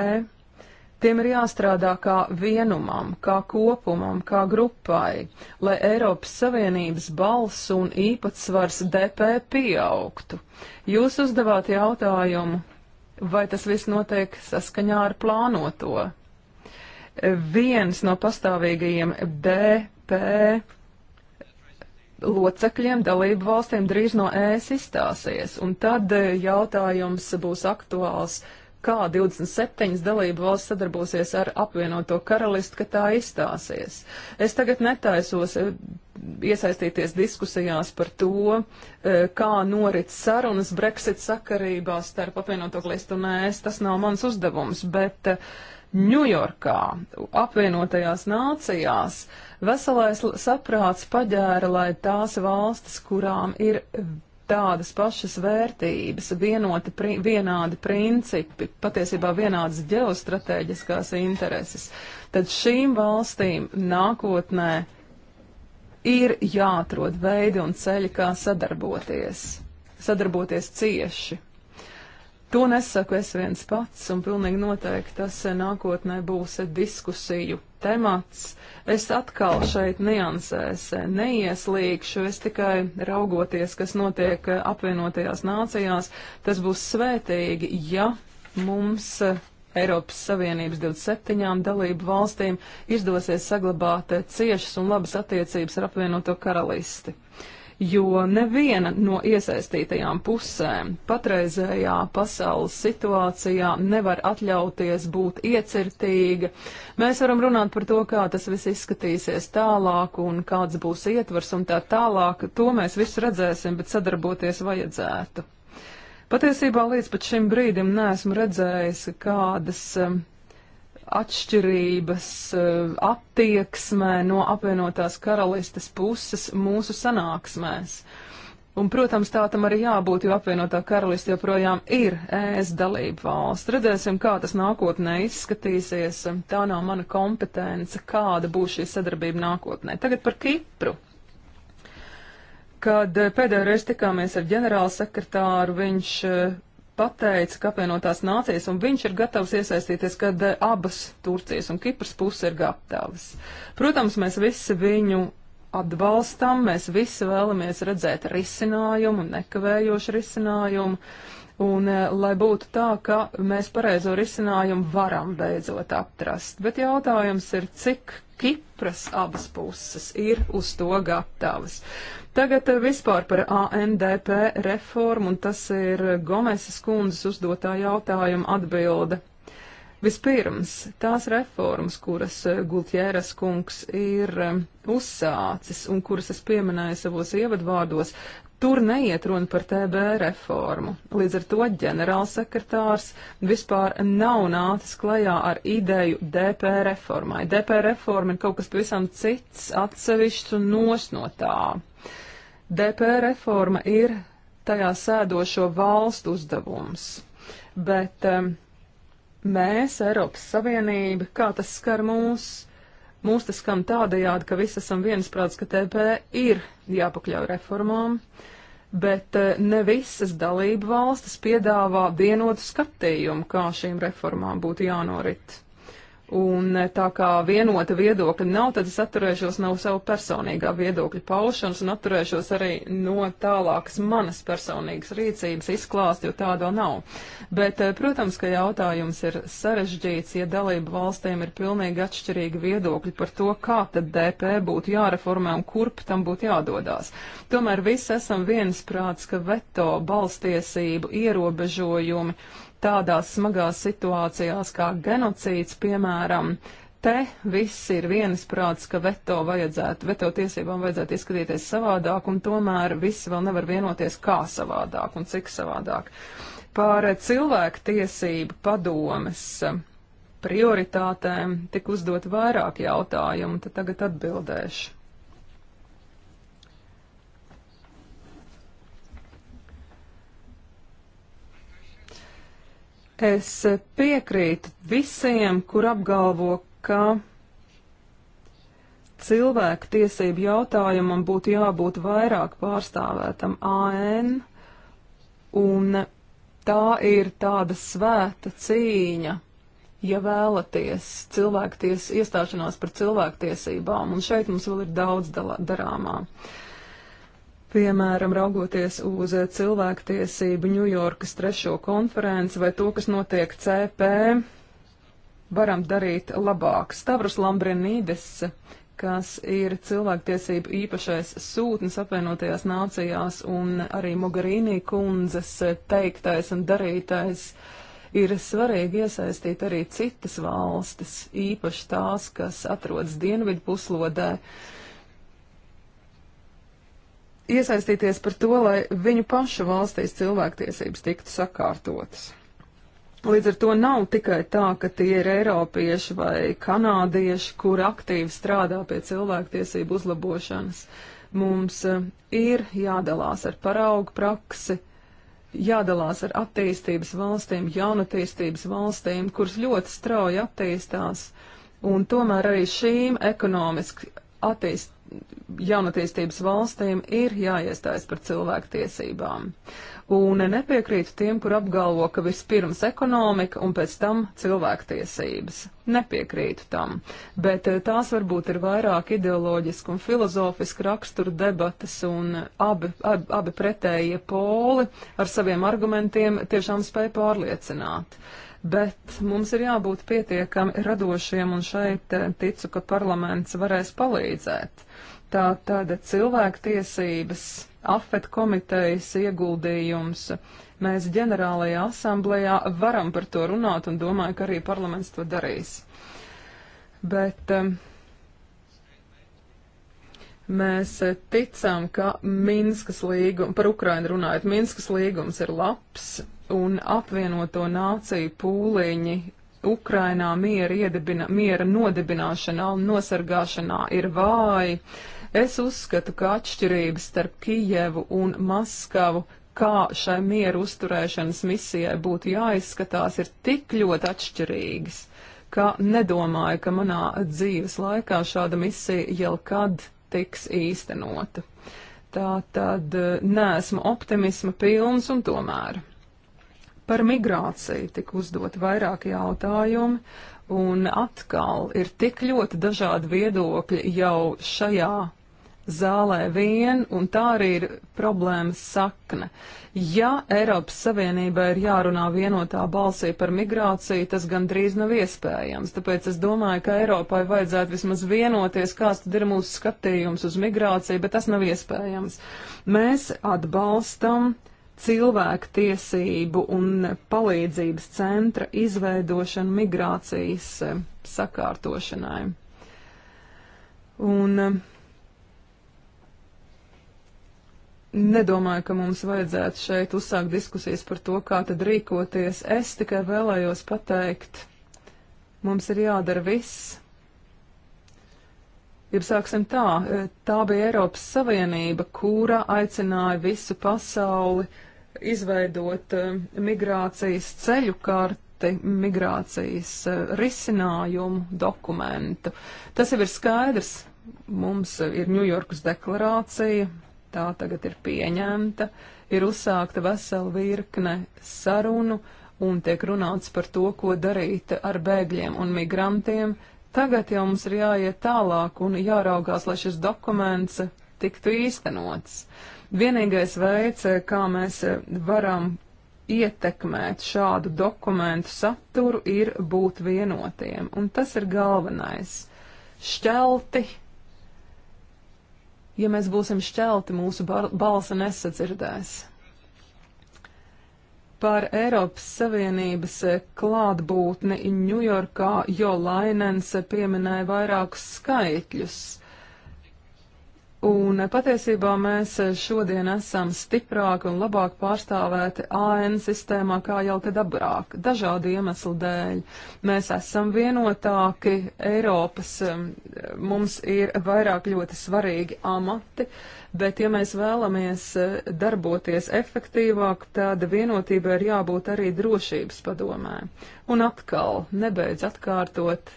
Tiem ir jāstrādā kā vienumam, kā kopumam, kā grupai, lai Eiropas Savienības balss un īpatsvars DP pieaugtu. Jūs uzdevāt jautājumu, vai tas viss notiek saskaņā ar plānoto. Viens no pastāvīgajiem DP locekļiem dalību valstīm drīz no ēs e izstāsies, un tad eh, jautājums būs aktuāls kā 27 dalību valsts sadarbosies ar apvienoto karalistu, ka tā izstāsies. Es tagad netaisos eh, iesaistīties diskusijās par to, eh, kā norit sarunas Brexit sakarībā starp apvienoto karalistu un es. Tas nav mans uzdevums, bet Ņujorkā, eh, apvienotajās nācijās, veselais saprāts paģēra, lai tās valstis, kurām ir tādas pašas vērtības, vienoti, pri, vienādi principi, patiesībā vienādas ģeostrateģiskās intereses, tad šīm valstīm nākotnē ir jāatrod veidi un ceļi, kā sadarboties, sadarboties cieši. To nesaku es viens pats, un pilnīgi noteikti tas nākotnē būs diskusiju temats. Es atkal šeit niansēs neieslīgšu, es tikai raugoties, kas notiek apvienotajās nācijās, tas būs svētīgi, ja mums Eiropas Savienības 27 dalību valstīm izdosies saglabāt ciešas un labas attiecības ar apvienoto karalisti. Uh, jo neviena no iesaistītajām pusēm patreizējā pasaules situācijā nevar atļauties būt iecirtīga. Mēs varam runāt par to, kā tas viss izskatīsies tālāk un kāds būs ietvers un tā tālāk. To mēs visu redzēsim, bet sadarboties vajadzētu. Patiesībā līdz pat šim brīdim neesmu redzējis, kādas um, atšķirības eh, attieksmē no apvienotās karalistes puses mūsu sanāksmēs. Un, protams, tā tam arī jābūt, jo apvienotā karaliste joprojām ir ES dalība valsts. Redzēsim, kā tas nākotnē izskatīsies. Tā nav mana kompetence, kāda būs šī sadarbība nākotnē. Tagad par Kipru. Kad eh, pēdējo reizi tikāmies ar ģenerālsekretāru, viņš eh, pateica, ka apvienotās nācijas un viņš ir gatavs iesaistīties, kad eh, abas Turcijas un Kipras puses ir gatavas. Protams, mēs visi viņu atbalstam, mēs visi vēlamies redzēt risinājumu, nekavējošu risinājumu. Un, eh, lai būtu tā, ka mēs pareizo risinājumu varam beidzot atrast. Bet jautājums ir, cik Kipras abas puses ir uz to gatavas. Uh, Tagad eh, vispār par ANDP reformu, un tas ir Gomesas kundzes uzdotā jautājuma atbilde. Vispirms, tās reformas, kuras eh, Gultjēras kungs ir eh, uzsācis un kuras es pieminēju savos ievadvārdos, Tur neiet runa par TB reformu. Līdz ar to ģenerālsekretārs vispār nav nācis klajā ar ideju DP reformai. DP reforma ir kaut kas pavisam cits, atsevišķs un nosnotā. DP reforma ir tajā sēdošo valstu uzdevums, bet um, mēs, Eiropas Savienība, kā tas skar mūs, mūs tas skam tādajādi, ka visi esam viensprāts, ka TP ir jāpakļauj reformām, bet uh, ne visas dalību valstis piedāvā vienotu skatījumu, kā šīm reformām būtu jānorit. Un eh, tā kā vienota viedokļa nav, tad es atturēšos no savu personīgā viedokļa paušanas un atturēšos arī no tālākas manas personīgas rīcības izklāst, jo tāda nav. Bet, eh, protams, ka jautājums ir sarežģīts, ja dalība valstīm ir pilnīgi atšķirīgi viedokļi par to, kā tad DP būtu jāreformē un kurp tam būtu jādodās. Tomēr visi esam viensprāts, ka veto balstiesību ierobežojumi tādās smagās situācijās kā genocīds, piemēram, te viss ir vienisprāts, ka veto, vajadzētu, veto tiesībām vajadzētu izskatīties savādāk, un tomēr visi vēl nevar vienoties, kā savādāk un cik savādāk. Par cilvēku tiesību padomes prioritātēm tik uzdot vairāk jautājumu, tad tagad atbildēšu. Es piekrītu visiem, kur apgalvo, ka cilvēku tiesību jautājumam būtu jābūt vairāk pārstāvētam AN, un tā ir tāda svēta cīņa, ja vēlaties cilvēkties, iestāšanās par cilvēktiesībām, un šeit mums vēl ir daudz darāmā. Uh, Piemēram, raugoties uz cilvēktiesību Ņujorkas trešo konferenci vai to, kas notiek CP, varam darīt labāk. Stavros Lambrinīdis, kas ir cilvēktiesību īpašais sūtnis apvienotajās nācijās, un arī Mogarīnī kundzes teiktais un darītais, ir svarīgi iesaistīt arī citas valstis, īpaši tās, kas atrodas dienvidu puslodē. Uh, iesaistīties par to, lai viņu pašu valstīs cilvēktiesības tiktu sakārtotas. Līdz ar to nav tikai tā, ka tie ir eiropieši vai kanādieši, kur aktīvi strādā pie cilvēktiesību uzlabošanas. Mums e, ir jādalās ar paraugu praksi, jādalās ar attīstības valstīm, jaunatīstības valstīm, kuras ļoti strauji attīstās, un tomēr arī šīm ekonomiski attīst, jaunatīstības valstīm ir jāiestājas par cilvēktiesībām. Un nepiekrītu tiem, kur apgalvo, ka vispirms ekonomika un pēc tam cilvēktiesības. Nepiekrītu tam, bet eh, tās varbūt ir vairāk ideoloģiski un filozofiski rakstura debatas un abi, abi, abi pretējie poli ar saviem argumentiem tiešām spēja pārliecināt. Uh, bet mums ir jābūt pietiekami radošiem, un šeit eh, ticu, ka parlaments varēs palīdzēt. Tā tad cilvēktiesības, afet komitejas ieguldījums. Mēs ģenerālajā asamblējā varam par to runāt un domāju, ka arī parlaments to darīs. Bet um, mēs eh, ticam, ka Minskas līgums, par Ukrainu runājot, Minskas līgums ir labs, un apvienoto nāciju pūliņi Ukrainā miera, iedibina, miera nodibināšanā un nosargāšanā ir vāji. Es uzskatu, ka atšķirības starp Kijevu un Maskavu, kā šai mieru uzturēšanas misijai būtu jāizskatās, ir tik ļoti atšķirīgas, ka nedomāju, ka manā dzīves laikā šāda misija jau kad tiks īstenota. Tā tad eh, neesmu optimisma pilns un tomēr. Par migrāciju tika uzdot vairāk jautājumu, un atkal ir tik ļoti dažādi viedokļi jau šajā zālē vien, un tā arī ir problēmas sakne. Ja Eiropas Savienībai ir jārunā vienotā balsī par migrāciju, tas gandrīz nav iespējams. Tāpēc es domāju, ka Eiropai vajadzētu vismaz vienoties, kāds tad ir mūsu skatījums uz migrāciju, bet tas nav iespējams. Mēs atbalstam uh, cilvēku tiesību un palīdzības centra izveidošanu migrācijas e, sakārtošanai. Un e, nedomāju, ka mums vajadzētu šeit uzsākt diskusijas par to, kā tad rīkoties. Es tikai vēlējos pateikt, mums ir jādara viss. Jeb sāksim tā, e, tā bija Eiropas Savienība, kura aicināja visu pasauli uh, izveidot eh, migrācijas ceļu karti, migrācijas eh, risinājumu dokumentu. Tas jau ir skaidrs. Mums ir Ņujorkas deklarācija, tā tagad ir pieņemta, ir uzsākta vesela virkne sarunu un tiek runāts par to, ko darīt ar bēgļiem un migrantiem. Tagad jau mums ir jāiet tālāk un jāraugās, lai šis dokuments tiktu īstenots. Uh, Vienīgais veids, eh, kā mēs eh, varam ietekmēt šādu dokumentu saturu, ir būt vienotiem. Un tas ir galvenais. Šķelti. Ja mēs būsim šķelti, mūsu balsa nesadzirdēs par Eiropas Savienības eh, klātbūtni Ņujorkā, jo Lainens pieminēja vairākus skaitļus. Un patiesībā mēs šodien esam stiprāki un labāk pārstāvēti AN sistēmā kā jau kad abrāk, dažādu iemeslu dēļ. Mēs esam vienotāki, Eiropas um, mums ir vairāk ļoti svarīgi amati, bet ja mēs vēlamies uh, darboties efektīvāk, tad vienotība ir jābūt arī drošības padomē. Un atkal, nebeidz atkārtot,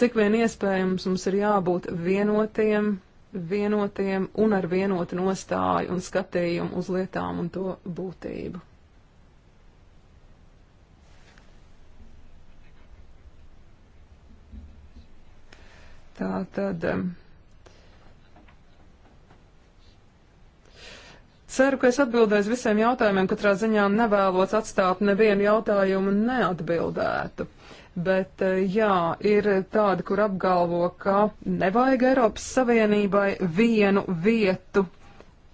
cik vien iespējams mums ir jābūt vienotiem vienotiem un ar vienotu nostāju un skatījumu uz lietām un to būtību. Tā tad. Ceru, ka es atbildēju visiem jautājumiem, katrā ziņā nevēlos atstāt nevienu jautājumu neatbildētu. Uh, Bet, eh, jā, ir tādi, kur apgalvo, ka nevajag Eiropas Savienībai vienu vietu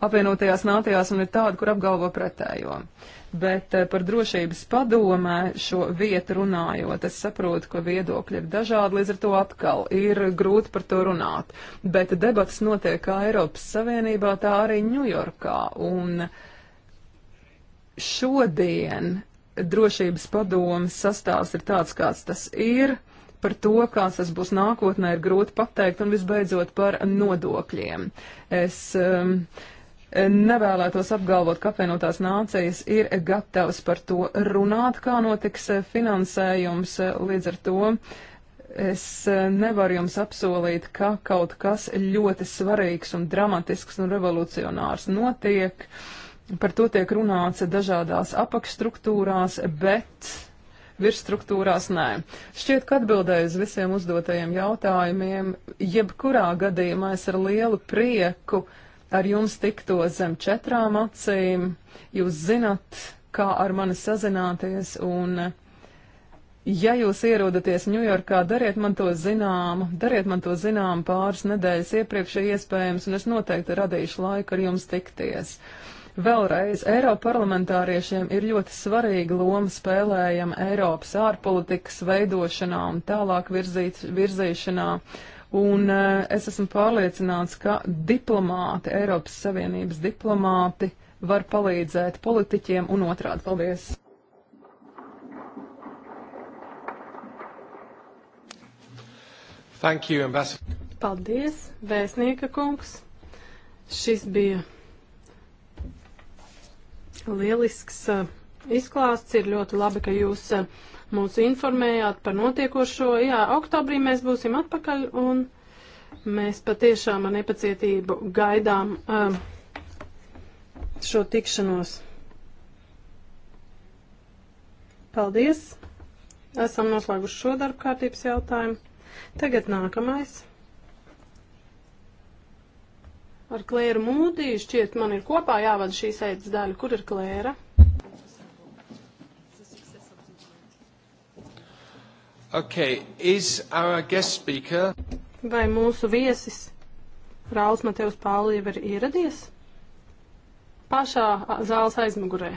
apvienotajās nācijās, un ir tādi, kur apgalvo pretējo. Bet eh, par drošības padomē šo vietu runājot, es saprotu, ka viedokļi ir dažādi, līdz ar to atkal ir grūti par to runāt. Bet debatas notiek kā Eiropas Savienībā, tā arī Ņujorkā. Un šodien drošības padomas sastāvs ir tāds, kāds tas ir. Par to, kāds tas būs nākotnē, ir grūti pateikt, un visbeidzot par nodokļiem. Es um, nevēlētos apgalvot, ka apvienotās nācijas ir gatavas par to runāt, kā notiks eh, finansējums. Eh, līdz ar to es eh, nevaru jums apsolīt, ka kaut kas ļoti svarīgs un dramatisks un revolucionārs notiek. Uh, Par to tiek runāts dažādās apakšstruktūrās, bet virsstruktūrās nē. Šķiet, ka atbildēju uz visiem uzdotajiem jautājumiem, jebkurā gadījumā es ar lielu prieku ar jums tikto zem četrām acīm. Jūs zinat, kā ar mani sazināties, un ja jūs ierodaties Ņujorkā, dariet man to zinām, dariet man to zinām pāris nedēļas iepriekš, ja iespējams, un es noteikti radīšu laiku ar jums tikties. Uh, Vēlreiz Eiroparlamentāriešiem ir ļoti svarīga loma spēlējama Eiropas ārpolitikas veidošanā un tālāk virzīt, virzīšanā. Un eh, es esmu pārliecināts, ka diplomāti, Eiropas Savienības diplomāti var palīdzēt politiķiem un otrādi. Paldies! Thank you, ambassador. Paldies, vēstnieka kungs. Šis bija lielisks eh, izklāsts. Ir ļoti labi, ka jūs eh, mūs informējāt par notiekošo. Jā, oktobrī mēs būsim atpakaļ un mēs patiešām ar nepacietību gaidām eh, šo tikšanos. Paldies! Esam noslēguši šo darbu kārtības jautājumu. Tagad nākamais ar Klēru Mūdiju. Šķiet, man ir kopā jāvada šī sēdes daļa. Kur ir Klēra? Okay, is our guest speaker? Vai mūsu viesis Rauls Matevs Pāli jau ir ieradies? Pašā zāles aizmugurē.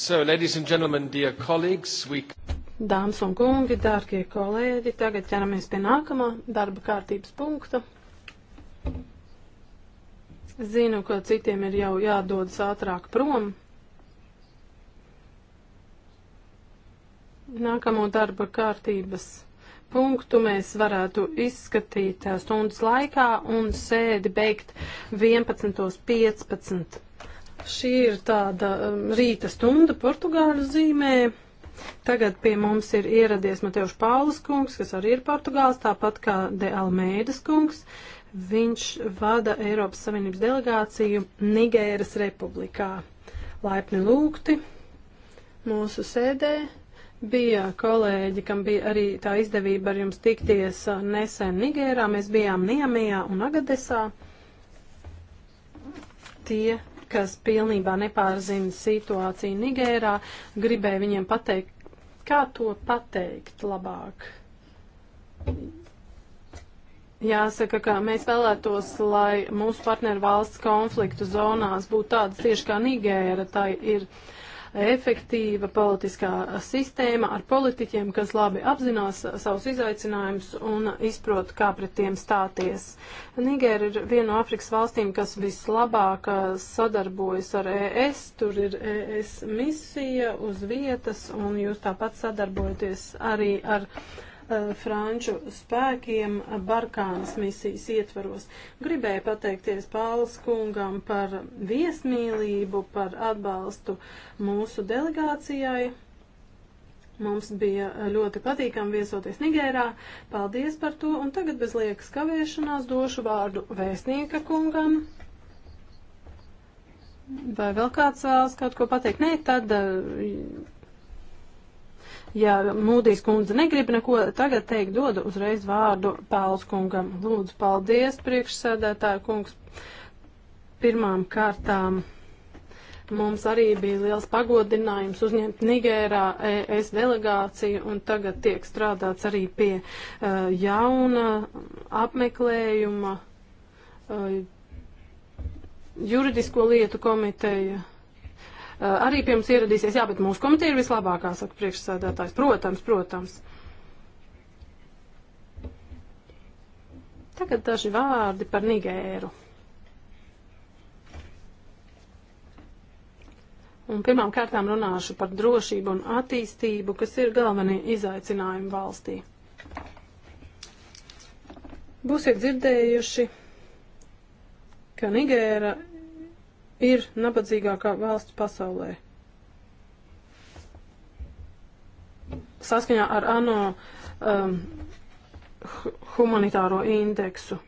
So, ladies and gentlemen, dear colleagues, we... Dāmas un kungi, dārgie kolēģi, tagad ķeramies pie nākamā darba kārtības punkta. Zinu, ka citiem ir jau jādodas ātrāk prom. Nākamo darba kārtības punktu mēs varētu izskatīt eh, stundas laikā un sēdi beigt 11.15. Šī ir tāda um, rīta stunda Portugāļu zīmē. Tagad pie mums ir ieradies Mateuš Paulus kungs, kas arī ir Portugāls, tāpat kā De Almeidas kungs. Viņš vada Eiropas Savienības delegāciju Nigēras republikā. Laipni lūgti mūsu sēdē. Bija kolēģi, kam bija arī tā izdevība ar jums tikties nesen Nigērā. Mēs bijām Niemijā un Agadesā. Tie kas pilnībā nepārzina situāciju Nigērā, gribēju viņiem pateikt, kā to pateikt labāk. Jāsaka, ka mēs vēlētos, lai mūsu partneru valsts konfliktu zonās būtu tādas tieši kā Nigēra. Tā ir uh, efektīva politiskā sistēma ar politiķiem, kas labi apzinās savus izaicinājumus un izprot, kā pret tiem stāties. Nigēra ir viena no Afrikas valstīm, kas vislabāk uh, sadarbojas ar ES, tur ir ES misija uz vietas, un jūs tāpat sadarbojaties arī ar. Uh, Eh, franču spēkiem Barkānas misijas ietvaros. Gribēju pateikties Pāles kungam par viesmīlību, par atbalstu mūsu delegācijai. Mums bija ļoti patīkami viesoties Nigērā. Paldies par to, un tagad bez liekas kavēšanās došu vārdu vēstnieka kungam. Vai vēl kāds vēlas kaut ko pateikt? Nē, tad eh, Ja Mūdīs kundze negrib neko tagad teikt, dodu uzreiz vārdu Pāles kungam. Lūdzu, paldies, priekšsēdētāja kungs. Pirmām kārtām. Mums arī bija liels pagodinājums uzņemt Nigērā ES delegāciju, un tagad tiek strādāts arī pie uh, jauna apmeklējuma uh, juridisko lietu komiteja Eh, arī pie mums ieradīsies. Jā, bet mūsu komiteja ir vislabākā, saka priekšsēdētājs. Protams, protams. Tagad daži vārdi par Nigēru. Un pirmām kārtām runāšu par drošību un attīstību, kas ir galvenie izaicinājumi valstī. Būsiet dzirdējuši, ka Nigēra ir nabadzīgākā valsts pasaulē. Saskaņā ar ANO um, humanitāro indeksu.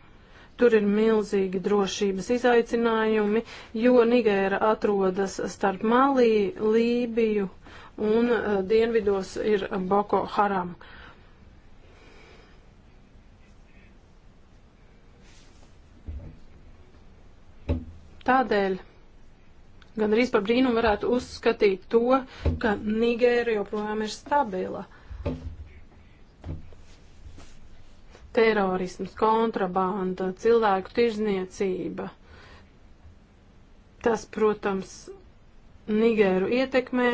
Tur ir milzīgi drošības izaicinājumi, jo Nigēra atrodas starp Malī, Lībiju un uh, dienvidos ir Boko Haram. Tādēļ Gan arī par brīnumu varētu uzskatīt to, ka Nigēra joprojām ir stabila. Terorisms, kontrabanda, cilvēku tirzniecība. Tas, protams, Nigēru ietekmē,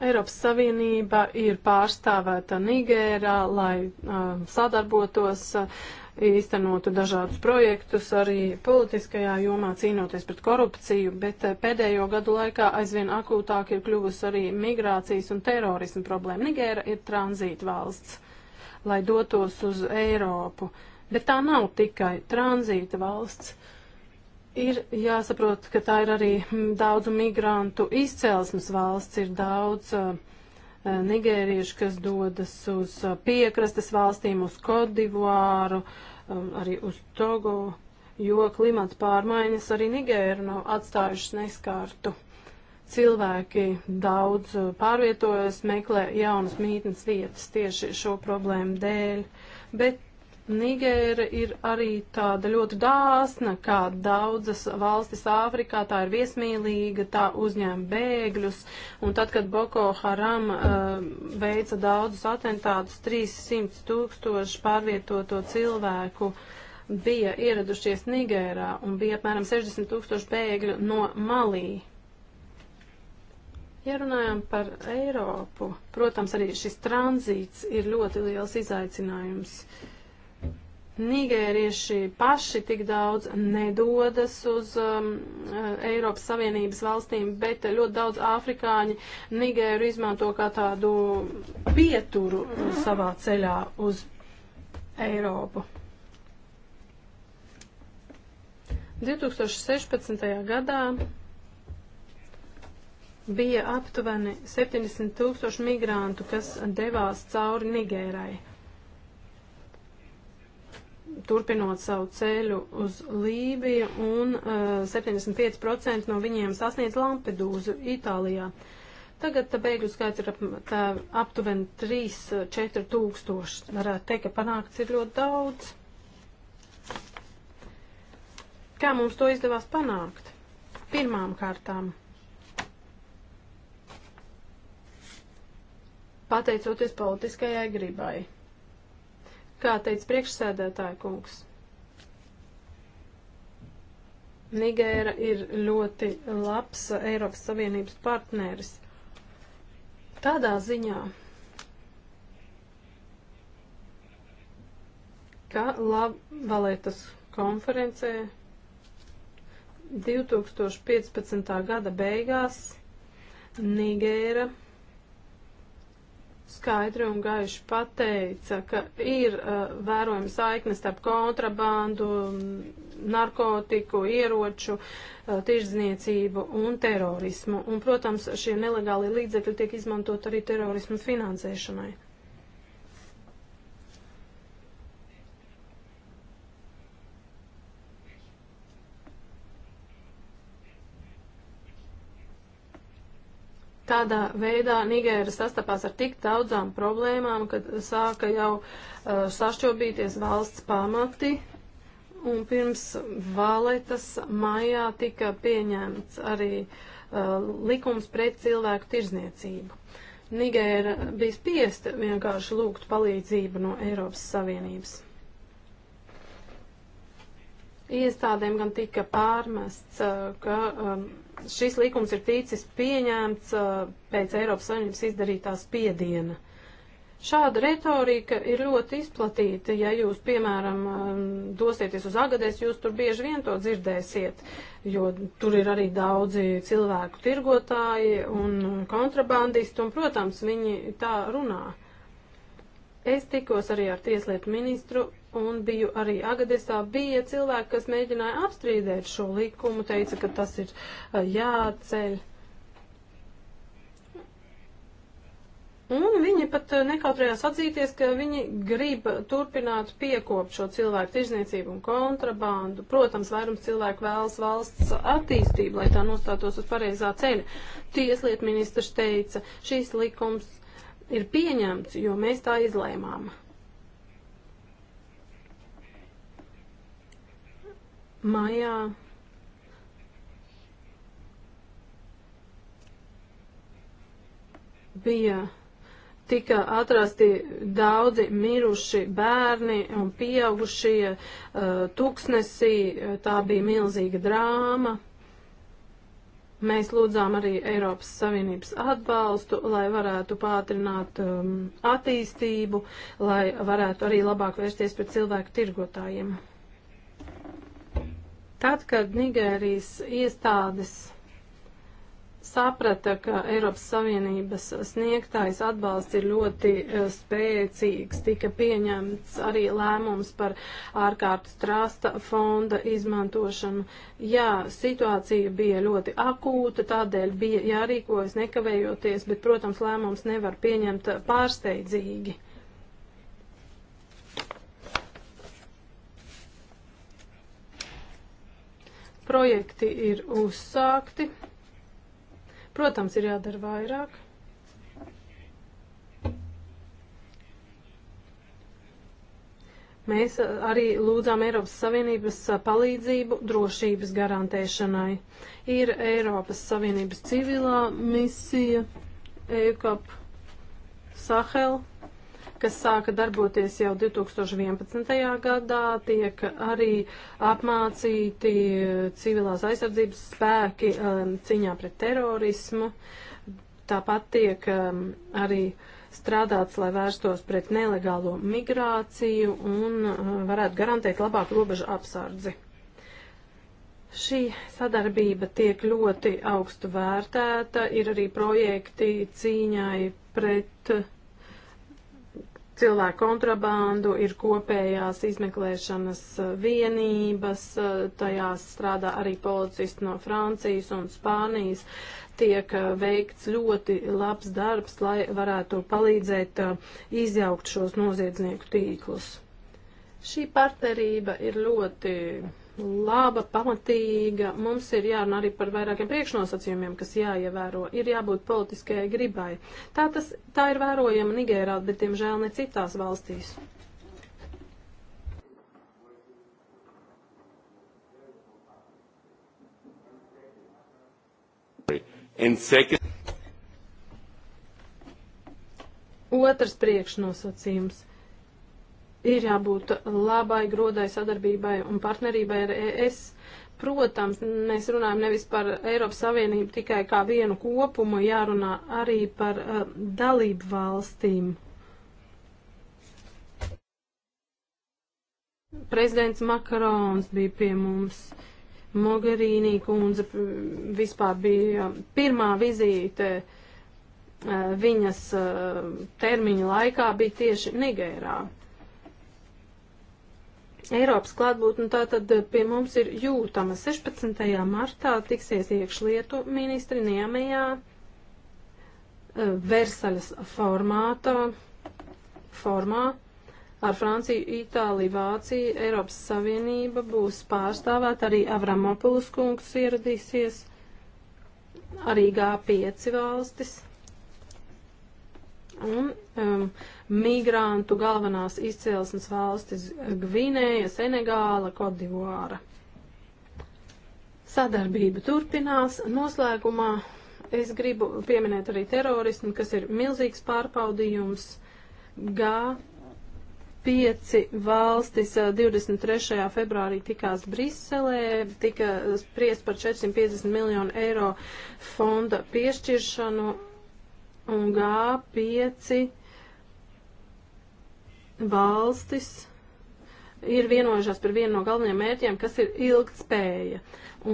Eiropas Savienība ir pārstāvēta Nigērā, lai uh, sadarbotos, uh, īstenotu dažādus projektus arī politiskajā jomā cīnoties pret korupciju, bet uh, pēdējo gadu laikā aizvien akūtāk ir kļuvusi arī migrācijas un terorismu problēma. Nigēra ir tranzīta valsts, lai dotos uz Eiropu, bet tā nav tikai tranzīta valsts. Ir jāsaprot, ka tā ir arī daudzu migrantu izcelsmes valsts, ir daudz uh, nigēriešu, kas dodas uz eh, piekrastes valstīm, uz Kodivāru, um, eh, arī uz Togo, jo klimata pārmaiņas arī Nigēru nav atstājušas neskārtu. Cilvēki daudz pārvietojas, meklē jaunas mītnes vietas tieši šo problēmu dēļ, bet Nigēra ir arī tāda ļoti dāsna, kā daudzas valstis Āfrikā, tā ir viesmīlīga, tā uzņēma bēgļus, un tad, kad Boko Haram uh, veica daudzus atentātus, 300 tūkstoši pārvietoto cilvēku bija ieradušies Nigērā, un bija apmēram 60 tūkstoši bēgļu no Malī. Ja runājam par Eiropu, protams, arī šis tranzīts ir ļoti liels izaicinājums. Uh, Nigērieši paši tik daudz nedodas uz um, eh, Eiropas Savienības valstīm, bet ļoti daudz afrikāņi Nigēru izmanto kā tādu pieturu savā ceļā uz Eiropu. 2016. gadā bija aptuveni 70 tūkstoši migrantu, kas devās cauri Nigērai turpinot savu ceļu uz Lībiju, un uh, 75% no viņiem sasniedz Lampedūzu Itālijā. Tagad bēgļu skaits ir ap, tā, aptuveni 3-4 tūkstoši. Varētu teikt, ka panākts ir ļoti daudz. Kā mums to izdevās panākt? Pirmām kārtām. Pateicoties politiskajai gribai kā teica priekšsēdētāja kungs. Nigēra ir ļoti labs Eiropas Savienības partneris. Tādā ziņā, ka Lavalētas konferencē 2015. gada beigās Nigēra skaidri un gaiši pateica, ka ir uh, vērojama saikne starp kontrabandu, narkotiku, ieroču, uh, tirdzniecību un terorismu. Un, protams, šie nelegālie līdzekļi tiek izmantot arī terorismu finansēšanai. Tādā veidā Nigēra sastapās ar tik daudzām problēmām, kad sāka jau uh, sašķobīties valsts pamati, un pirms valetas maijā tika pieņemts arī uh, likums pret cilvēku tirzniecību. Nigēra bija spiesta vienkārši lūgt palīdzību no Eiropas Savienības. Iestādēm gan tika pārmests, uh, ka um, šis likums ir ticis pieņemts uh, pēc Eiropas Savienības izdarītā spiediena. Šāda retorika ir ļoti izplatīta. Ja jūs, piemēram, um, dosieties uz Agadēs, jūs tur bieži vien to dzirdēsiet, jo tur ir arī daudzi cilvēku tirgotāji un kontrabandisti, un, protams, viņi tā runā. Uh, Es tikos arī ar tieslietu ministru un biju arī Agadesā. Bija cilvēki, kas mēģināja apstrīdēt šo likumu, teica, ka tas ir uh, jāceļ. Un viņi pat uh, nekautrējās atzīties, ka viņi grib turpināt piekopt šo cilvēku tirzniecību un kontrabandu. Protams, vairums cilvēku vēlas valsts attīstību, lai tā nostātos uz pareizā ceļa. Tieslietu ministrs teica, šīs likums ir pieņemts, jo mēs tā izlēmām. Maijā bija tika atrasti daudzi miruši bērni un pieaugušie uh, tuksnesī. Tā bija milzīga drāma. Mēs lūdzām arī Eiropas Savienības atbalstu, lai varētu pātrināt um, attīstību, lai varētu arī labāk vērsties pret cilvēku tirgotājiem. Tad, kad Nigērijas iestādes saprata, ka Eiropas Savienības sniegtājs atbalsts ir ļoti eh, spēcīgs. Tika pieņemts arī lēmums par ārkārtas trāsta fonda izmantošanu. Jā, situācija bija ļoti akūta, tādēļ bija jārīkojas nekavējoties, bet, protams, lēmums nevar pieņemt pārsteidzīgi. Projekti ir uzsākti. Protams, ir jādara vairāk. Mēs uh, arī lūdzām Eiropas Savienības uh, palīdzību drošības garantēšanai. Ir Eiropas Savienības civilā misija EUCAP Sahel, kas sāka darboties jau 2011. gadā, tiek arī apmācīti civilās aizsardzības spēki um, cīņā pret terorismu. Tāpat tiek um, arī strādāts, lai vērstos pret nelegālo migrāciju un uh, varētu garantēt labāku robežu apsardzi. Šī sadarbība tiek ļoti augstu vērtēta, ir arī projekti cīņai pret uh, cilvēku kontrabandu, ir kopējās izmeklēšanas eh, vienības, eh, tajās strādā arī policisti no Francijas un Spānijas. Tiek eh, veikts ļoti labs darbs, lai varētu palīdzēt izjaukt šos noziedznieku tīklus. Šī partnerība ir ļoti laba, pamatīga. Mums ir jārunā arī par vairākiem priekšnosacījumiem, kas jāievēro. Ir jābūt politiskajai gribai. Tā, tas, tā ir vērojama Nigērā, bet, diemžēl, ne citās valstīs. Otrs priekšnosacījums ir jābūt labai grodai sadarbībai un partnerībai ar ES. Protams, mēs runājam nevis par Eiropas Savienību tikai kā vienu kopumu, jārunā arī par uh, dalību valstīm. Prezidents Makarons bija pie mums. Mogherīnī kundze vispār bija pirmā vizīte uh, viņas uh, termiņa laikā bija tieši Nigērā. Eiropas klātbūtne tā tad eh, pie mums ir jūtama. 16. martā tiksies iekšlietu ministri Niemejā eh, Versaļas formātā, formā ar Franciju, Itāliju, Vāciju, Eiropas Savienība būs pārstāvēta, arī Avramopulus kungs ieradīsies, arī G5 valstis. Un, um, migrantu galvenās izcelsmes valstis - Gvinēja, Senegāla, Kodivāra. Sadarbība turpinās. Noslēgumā es gribu pieminēt arī terorismu, kas ir milzīgs pārpaudījums. G5 valstis 23. februārī tikās Briselē, tika spriest par 450 miljonu eiro fonda piešķiršanu un G5 valstis ir vienojušās par vienu no galvenajiem mērķiem, kas ir ilgtspēja.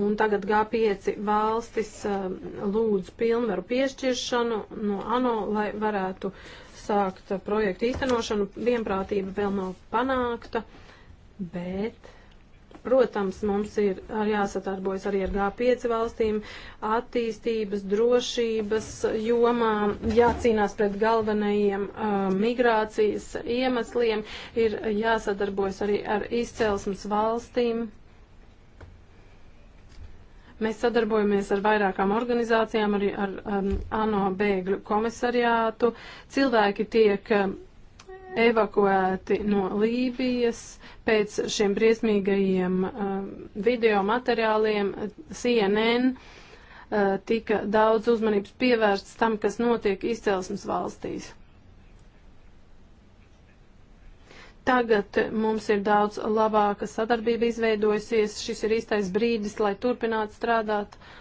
Un tagad G5 valstis um, lūdz pilnvaru piešķiršanu no ANO, lai varētu sākt projektu īstenošanu. Vienprātība vēl nav panākta, bet Protams, mums ir jāsatarbojas arī ar G5 valstīm, attīstības, drošības jomā, jācīnās pret galvenajiem uh, migrācijas iemesliem, ir jāsadarbojas arī ar izcelsmes valstīm. Mēs sadarbojamies ar vairākām organizācijām, arī ar um, ANO bēgļu komisariātu. Cilvēki tiek. Uh, evakuēti no Lībijas. Pēc šiem briesmīgajiem um, video materiāliem CNN uh, tika daudz uzmanības pievērsts tam, kas notiek izcelsmes valstīs. Tagad mums ir daudz labāka sadarbība izveidojusies. Šis ir īstais brīdis, lai turpinātu strādāt uh,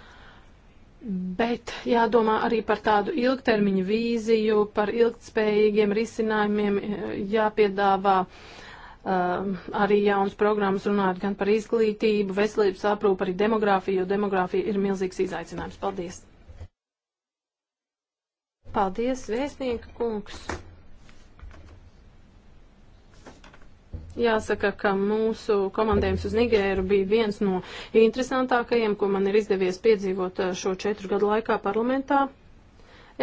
Bet jādomā arī par tādu ilgtermiņu vīziju, par ilgtspējīgiem risinājumiem, jāpiedāvā uh, arī jauns programmas runājot gan par izglītību, veselības aprūpu, arī demogrāfiju, jo demogrāfija ir milzīgs izaicinājums. Paldies! Paldies, vēstnieka kungs! Jāsaka, ka mūsu komandējums uz Nigēru bija viens no interesantākajiem, ko man ir izdevies piedzīvot uh, šo četru gadu laikā parlamentā.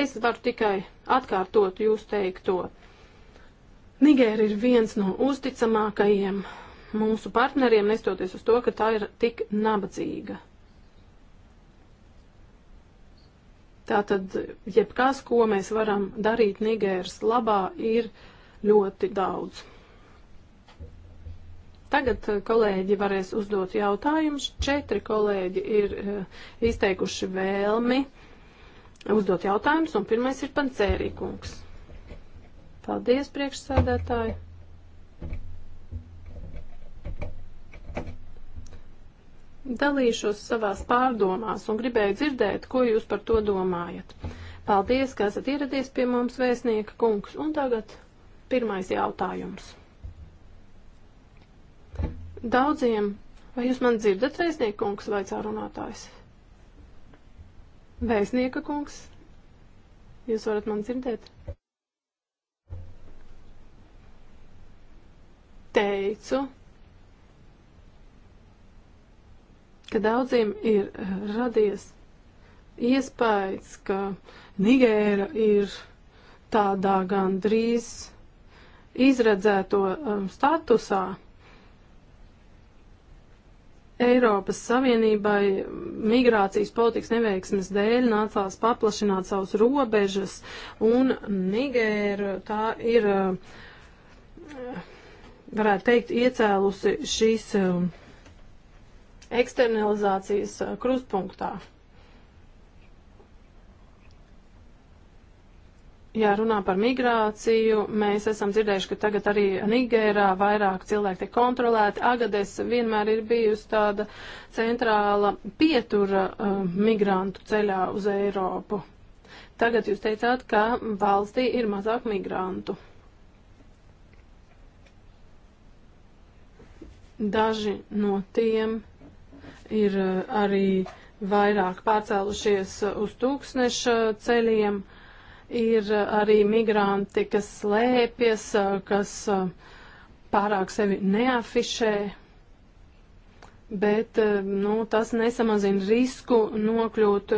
Es varu tikai atkārtot jūs teikto. Nigēra ir viens no uzticamākajiem mūsu partneriem, nestoties uz to, ka tā ir tik nabadzīga. Tātad, jebkas, ko mēs varam darīt Nigēras labā, ir ļoti daudz. Tagad eh, kolēģi varēs uzdot jautājumus. Četri kolēģi ir eh, izteikuši vēlmi uzdot jautājumus, un pirmais ir pancērīkungs. Paldies, priekšsēdētāji! Dalīšos savās pārdomās un gribēju dzirdēt, ko jūs par to domājat. Paldies, ka esat ieradies pie mums, vēstnieka kungs, un tagad pirmais jautājums. Daudziem, vai jūs man dzirdat, vēstnieku kungs, vaicā runātājs? Vēstnieka kungs, jūs varat man dzirdēt? Teicu, ka daudziem ir eh, radies iespējas, ka Nigēra ir tādā gandrīz izredzēto um, statusā. Eiropas Savienībai migrācijas politikas neveiksmes dēļ nācās paplašināt savus robežas, un Nigēra tā ir, eh, varētu teikt, iecēlusi šīs eh, eksternalizācijas eh, krustpunktā. Ja runā par migrāciju, mēs esam dzirdējuši, ka tagad arī Nigērā vairāk cilvēki tiek kontrolēti. Agades vienmēr ir bijusi tāda centrāla pietura uh, migrantu ceļā uz Eiropu. Tagad jūs teicāt, ka valstī ir mazāk migrantu. Daži no tiem ir uh, arī vairāk pārcēlušies uh, uz tūkstneša ceļiem Ir eh, arī migranti, kas slēpjas, eh, kas eh, pārāk sevi neafišē, bet nu, tas nesamazina risku nokļūt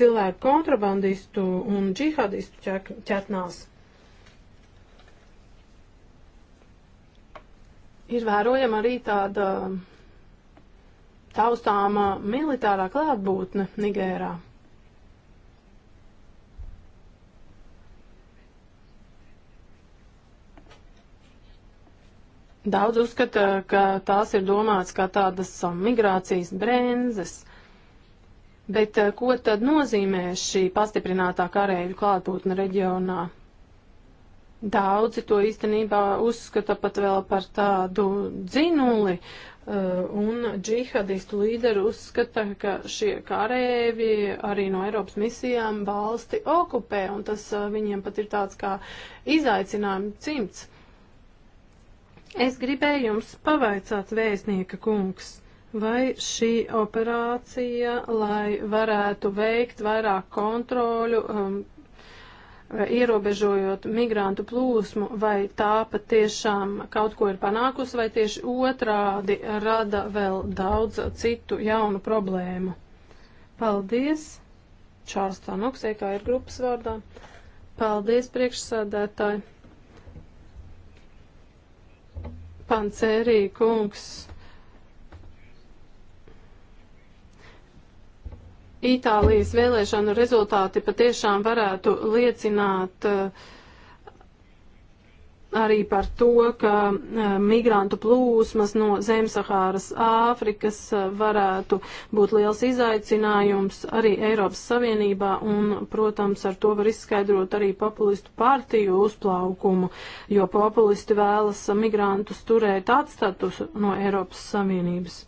cilvēku kontrabandistu un džihadistu ķertnās. Ir vērojama arī tāda taustāma militārā klātbūtne Nigērā. Daudz uzskata, ka tās ir domāts kā tādas um, migrācijas brenzes. Bet uh, ko tad nozīmē šī pastiprinātā karēļu klātbūtne reģionā? Daudzi to īstenībā uzskata pat vēl par tādu dzinuli, uh, un džihadistu līderi uzskata, ka šie karēvi arī no Eiropas misijām valsti okupē, un tas uh, viņiem pat ir tāds kā izaicinājums cimts. Es gribēju jums pavaicāt, vēstnieka kungs, vai šī operācija, lai varētu veikt vairāk kontroļu, um, ierobežojot migrantu plūsmu, vai tā patiešām kaut ko ir panākusi, vai tieši otrādi rada vēl daudz citu jaunu problēmu. Paldies! Čārls Tanoks, EKR grupas vārdā. Paldies, priekšsēdētāji! Pancerī kungs. Itālijas vēlēšanu rezultāti patiešām varētu liecināt uh, arī par to, ka e, migrantu plūsmas no Zemsahāras Āfrikas e, varētu būt liels izaicinājums arī Eiropas Savienībā, un, protams, ar to var izskaidrot arī populistu partiju uzplaukumu, jo populisti vēlas migrantus turēt atstatus no Eiropas Savienības.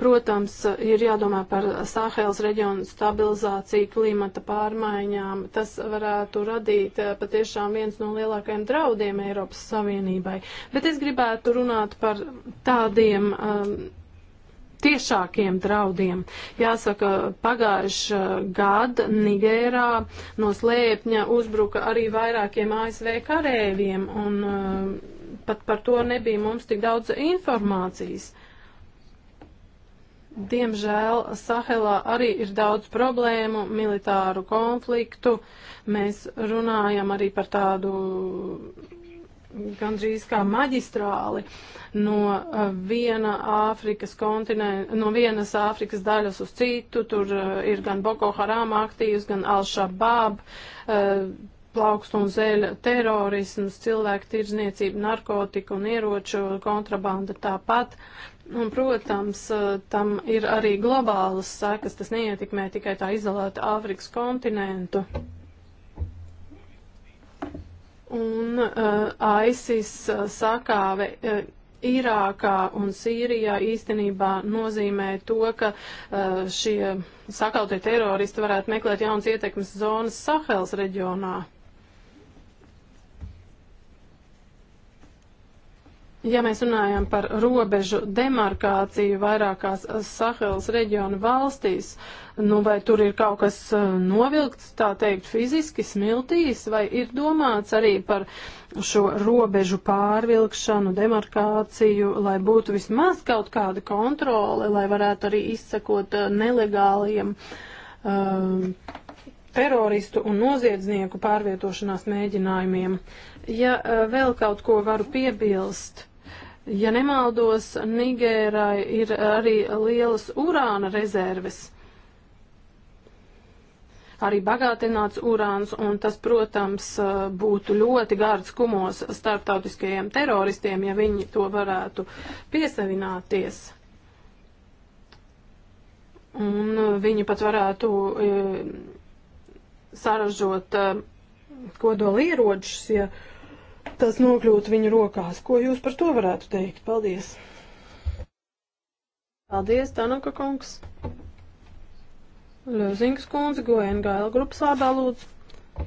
Protams, ir jādomā par Sāhēlas reģionu stabilizāciju, klimata pārmaiņām. Tas varētu radīt eh, patiešām viens no lielākajiem draudiem Eiropas Savienībai. Bet es gribētu runāt par tādiem. Um, tiešākiem draudiem. Jāsaka, pagājušā gada Nigērā no slēpņa uzbruka arī vairākiem ASV karēviem, un um, pat par to nebija mums tik daudz informācijas. Uh, Diemžēl Sahelā arī ir daudz problēmu, militāru konfliktu. Mēs runājam arī par tādu gandrīz kā maģistrāli no eh, viena Āfrikas kontinenta, no vienas Āfrikas daļas uz citu. Tur eh, ir gan Boko Haram aktīvs, gan Al-Shabaab, eh, plaukst un zēļa terorisms, cilvēku tirdzniecība, narkotika un ieroču kontrabanda tāpat. Un, protams, eh, tam ir arī globālas sekas, tas neietekmē tikai tā izolēta Āfrikas kontinentu. Un uh, ISIS eh, sakāve uh, Irākā un Sīrijā īstenībā nozīmē to, ka uh, šie sakautie teroristi varētu meklēt jaunas ietekmes zonas Sahels reģionā. Ja mēs runājam par robežu demarkāciju vairākās eh, Sahels reģionu valstīs, nu vai tur ir kaut kas eh, novilkts, tā teikt, fiziski smiltīs, vai ir domāts arī par šo robežu pārvilkšanu, demarkāciju, lai būtu vismaz kaut kāda kontrole, lai varētu arī izsekot eh, nelegāliem um, teroristu un noziedznieku pārvietošanās mēģinājumiem. Ja vēl kaut ko varu piebilst, Ja nemaldos, Nigērai ir arī lielas urāna rezerves arī bagātināts urāns, un tas, protams, būtu ļoti gārds kumos starptautiskajiem teroristiem, ja viņi to varētu piesavināties. Un viņi pat varētu e, saražot e, kodolieročus, ja tas nokļūtu viņu rokās. Ko jūs par to varētu teikt? Paldies! Paldies, Tanaka kungs! Ļozinkas kundze, GNGL grupas vārdā lūdzu.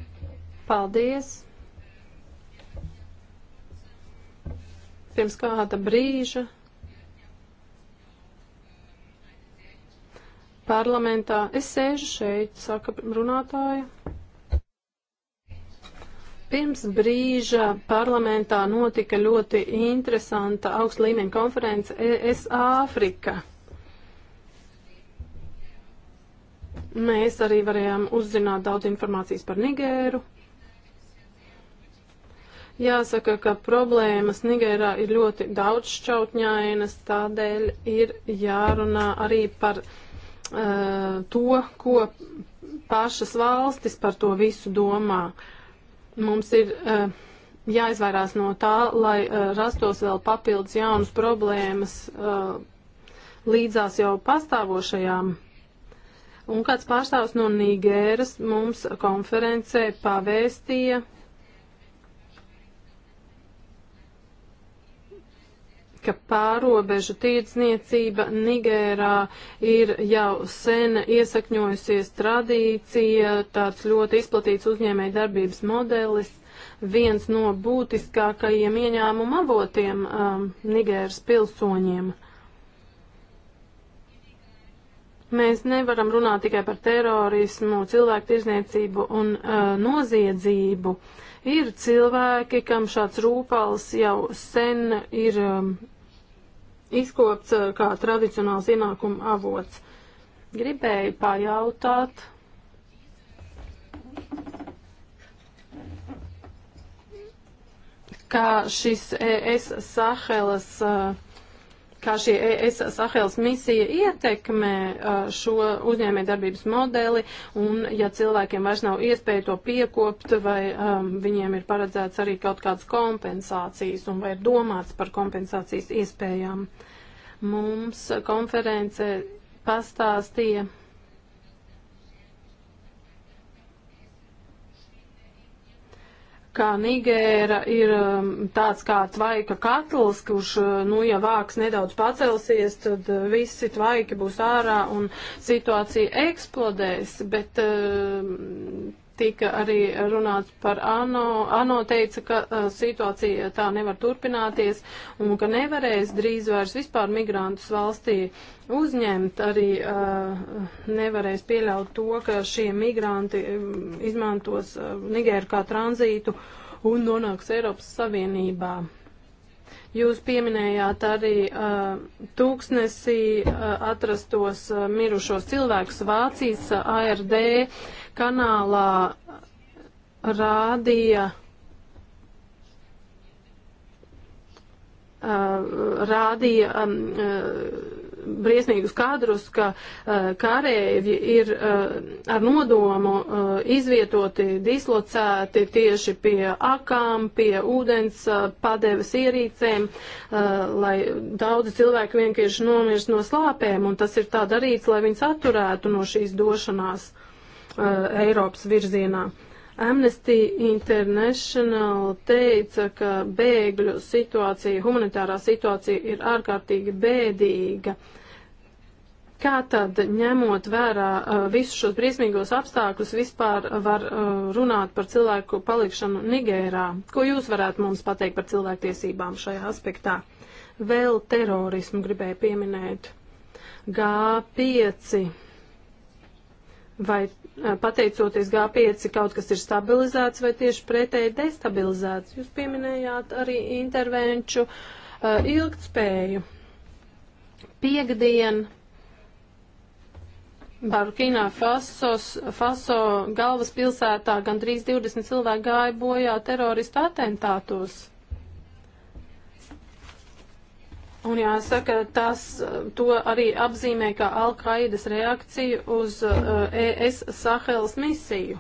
Paldies! Pirms kāda brīža parlamentā es sēžu šeit, saka runātāja. Pirms brīža parlamentā notika ļoti interesanta augsta līmeņa konference ES Āfrika. Mēs arī varējām uzzināt daudz informācijas par Nigēru. Jāsaka, ka problēmas Nigērā ir ļoti daudz šķautņainas, tādēļ ir jārunā arī par uh, to, ko pašas valstis par to visu domā. Uh, Mums ir uh, jāizvairās no tā, lai uh, rastos vēl papildus jaunas problēmas uh, līdzās jau pastāvošajām. Un kāds pārstāvs no Nigēras mums konferencē pavēstīja, uh, ka pārobežu tīdzniecība Nigērā ir jau sen iesakņojusies tradīcija, tāds ļoti izplatīts uzņēmēja darbības modelis, viens no būtiskākajiem ieņēmuma avotiem um, Nigēras pilsoņiem. Mēs nevaram runāt tikai par terorismu, cilvēku tirzniecību un uh, noziedzību. Ir cilvēki, kam šāds rūpals jau sen ir um, izkopts eh, kā tradicionāls ienākuma avots. Gribēju pajautāt. Kā šis ES Sahelas uh, kā šī ES Sahels misija ietekmē šo uzņēmē darbības modeli, un ja cilvēkiem vairs nav iespēja to piekopt, vai um, viņiem ir paredzēts arī kaut kādas kompensācijas, un vai ir domāts par kompensācijas iespējām. Mums konference pastāstīja ka Nigēra ir um, tāds kā tvaika katls, kurš, uh, nu, ja vāks nedaudz pacelsies, tad uh, visi tvaiki būs ārā un situācija eksplodēs, bet um, tika arī runāts par ANO. ANO teica, ka uh, situācija tā nevar turpināties un ka nevarēs drīz vairs vispār migrantus valstī uzņemt. Arī uh, nevarēs pieļaut to, ka šie migranti um, izmantos uh, Nigēru kā tranzītu un nonāks Eiropas Savienībā. Jūs pieminējāt arī uh, tūkstnesī uh, atrastos uh, mirušos cilvēkus Vācijas uh, ARD kanālā rādīja uh, rādīja um, uh, briesmīgus kadrus, ka uh, karēvi ir uh, ar nodomu uh, izvietoti, dislocēti tieši pie akām, pie ūdens uh, padeves ierīcēm, lai daudzi cilvēki vienkārši nomirst no slāpēm, un tas ir tā darīts, lai viņus atturētu no šīs došanās. Uh, Eiropas virzienā. Amnesty International teica, ka bēgļu situācija, humanitārā situācija ir ārkārtīgi bēdīga. Kā tad, ņemot vērā uh, visus šos briesmīgos apstākļus, vispār var uh, runāt par cilvēku palikšanu Nigērā? Ko jūs varētu mums pateikt par cilvēktiesībām šajā aspektā? Vēl terorismu gribēju pieminēt. G5. Vai Eh, pateicoties G5, kaut kas ir stabilizēts vai tieši pretēji destabilizēts. Jūs pieminējāt arī intervenču uh, ilgtspēju. Piektdien Barkīnā Fasos, Faso galvaspilsētā gandrīz 20 cilvēki gāja bojā teroristu atentātos. Un jāsaka, tas eh, to arī apzīmē kā Al-Qaidas reakciju uz uh, eh, ES Sahels misiju.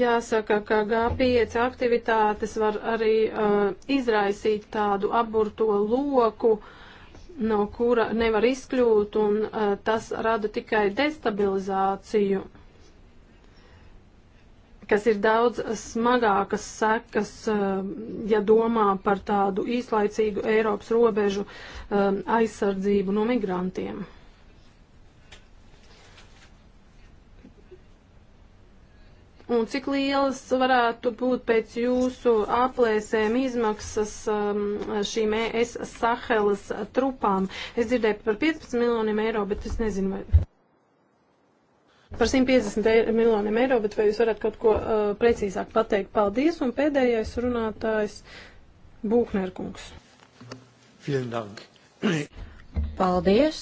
Jāsaka, ka G5 aktivitātes var arī uh, izraisīt tādu aburto loku, no kura nevar izkļūt, un uh, tas rada tikai destabilizāciju kas ir daudz smagākas sekas, um, ja domā par tādu īslaicīgu Eiropas robežu um, aizsardzību no migrantiem. Un cik lielas varētu būt pēc jūsu aplēsēm izmaksas um, šīm ES Sahelas trupām? Es dzirdēju par 15 miljoniem eiro, bet es nezinu, vai par 150 e- miljoniem eiro, bet vai jūs varat kaut ko uh, precīzāk pateikt? Paldies, un pēdējais runātājs Būknerkungs. Paldies!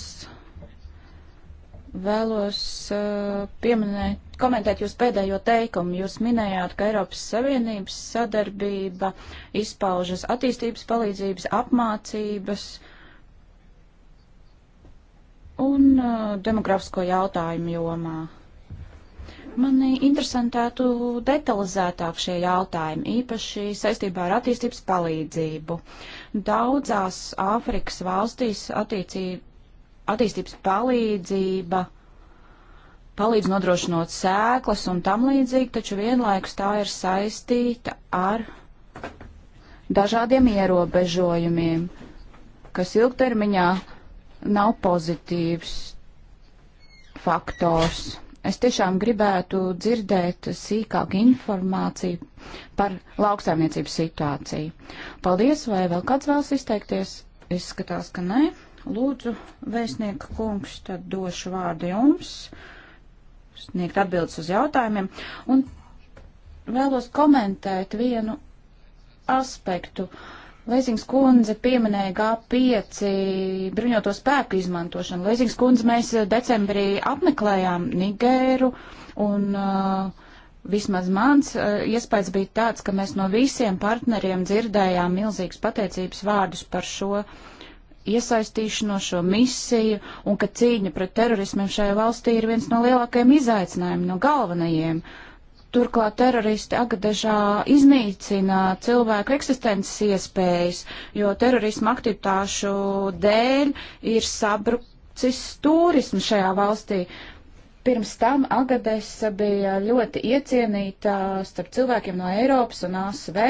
Vēlos uh, pieminēt, komentēt jūs pēdējo teikumu. Jūs minējāt, ka Eiropas Savienības sadarbība izpaužas attīstības palīdzības, apmācības uh, un uh, demografisko jautājumu jomā. Mani interesantētu detalizētāk šie jautājumi, īpaši saistībā ar attīstības palīdzību. Daudzās Āfrikas valstīs attīcī, attīstības palīdzība palīdz nodrošinot sēklas un tam līdzīgi, taču vienlaikus tā ir saistīta ar dažādiem ierobežojumiem, kas ilgtermiņā nav pozitīvs faktors. Es tiešām gribētu dzirdēt sīkāku informāciju par lauksaimniecības situāciju. Paldies, vai vēl kāds vēlas izteikties? Izskatās, ka nē. Lūdzu, vēstnieka kungs, tad došu vārdu jums, sniegt atbildes uz jautājumiem. Un vēlos komentēt vienu aspektu. Uh, Lezings kundze pieminēja G5 bruņoto spēku izmantošanu. Lezings kundze, mēs eh, decembrī apmeklējām Nigēru un uh, vismaz mans uh, iespējas bija tāds, ka mēs no visiem partneriem dzirdējām milzīgas pateicības vārdus par šo iesaistīšanos, šo misiju un ka cīņa pret terorismiem šajā valstī ir viens no lielākajiem izaicinājumiem, no galvenajiem. Uh, Turklāt teroristi Agadežā iznīcina cilvēku eksistences iespējas, jo terorismu aktivitāšu dēļ ir sabrucis turisms šajā valstī. Pirms tam Agadesa bija ļoti iecienīta starp cilvēkiem no Eiropas un ASV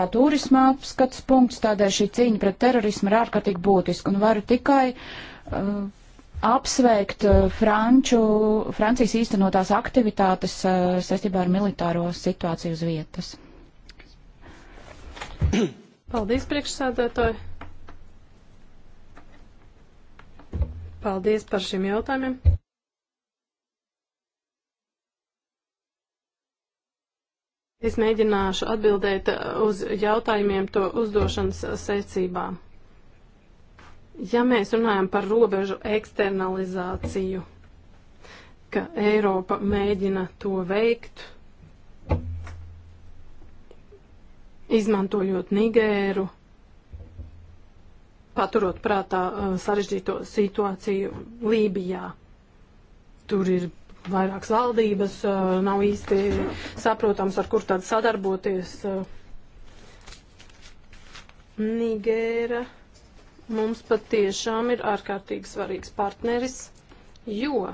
kā turisma apskats punkts, tādēļ šī cīņa pret terorismu ir ārkārtīgi būtiska un varu tikai uh, apsveikt eh, Franču, Francijas īstenotās aktivitātes eh, saistībā ar militāro situāciju uz vietas. Paldies, priekšsēdētāji! Paldies par šiem jautājumiem! Es mēģināšu atbildēt eh, uz jautājumiem to uzdošanas secībā. Ja mēs runājam par robežu eksternalizāciju, ka Eiropa mēģina to veikt, izmantojot Nigēru, paturot prātā uh, sarežģīto situāciju Lībijā. Tur ir vairākas valdības, uh, nav īsti saprotams, ar kur tad sadarboties. Uh. Nigēra. Mums pat tiešām ir ārkārtīgi svarīgs partneris, jo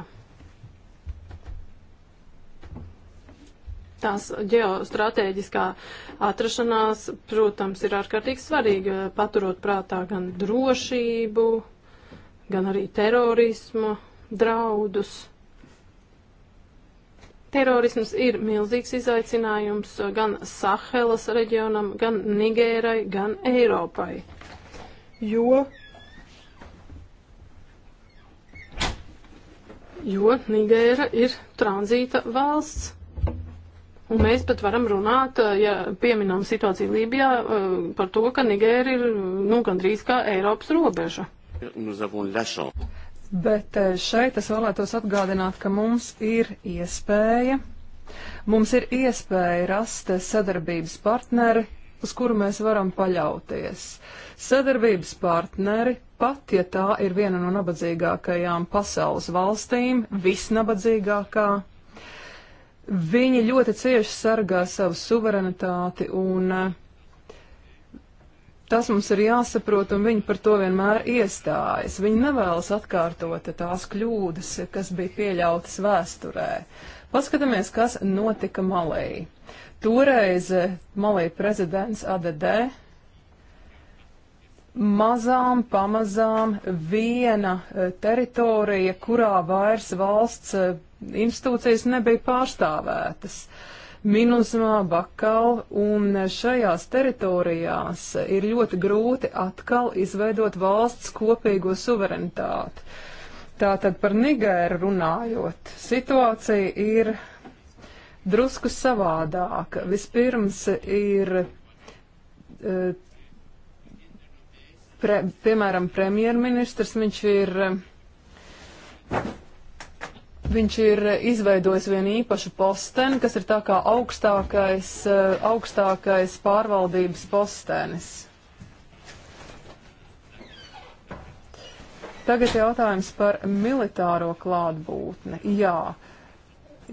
tās ģeostrateģiskā atrašanās, protams, ir ārkārtīgi svarīga, paturot prātā gan drošību, gan arī terorismu draudus. Terorisms ir milzīgs izaicinājums gan Sahelas reģionam, gan Nigērai, gan Eiropai jo, jo Nigēra ir tranzīta valsts. Un mēs pat varam runāt, eh, ja pieminām situāciju Lībijā, eh, par to, ka Nigēra ir nu, gandrīz kā Eiropas robeža. Bet eh, šeit es vēlētos atgādināt, ka mums ir iespēja. Mums ir iespēja rast sadarbības partneri, uz kuru mēs varam paļauties. Sadarbības partneri, pat ja tā ir viena no nabadzīgākajām pasaules valstīm, visnabadzīgākā, viņi ļoti cieši sargā savu suverenitāti un eh, tas mums ir jāsaprot, un viņi par to vienmēr iestājas. Viņi nevēlas atkārtot tās kļūdas, kas bija pieļautas vēsturē. Paskatāmies, kas notika Malī. Toreiz eh, Malī prezidents ADD mazām pamazām viena eh, teritorija, kurā vairs valsts eh, institūcijas nebija pārstāvētas. Minusmā, Bakal un šajās teritorijās ir ļoti grūti atkal izveidot valsts kopīgo suverenitāti. Tātad par Nigēru runājot, situācija ir drusku savādāk. Vispirms ir, e, pre, piemēram, premjerministrs, viņš ir, viņš ir izveidojis vienu īpašu posteni, kas ir tā kā augstākais, e, augstākais pārvaldības postenis. Tagad jautājums par militāro klātbūtni. Jā, uh,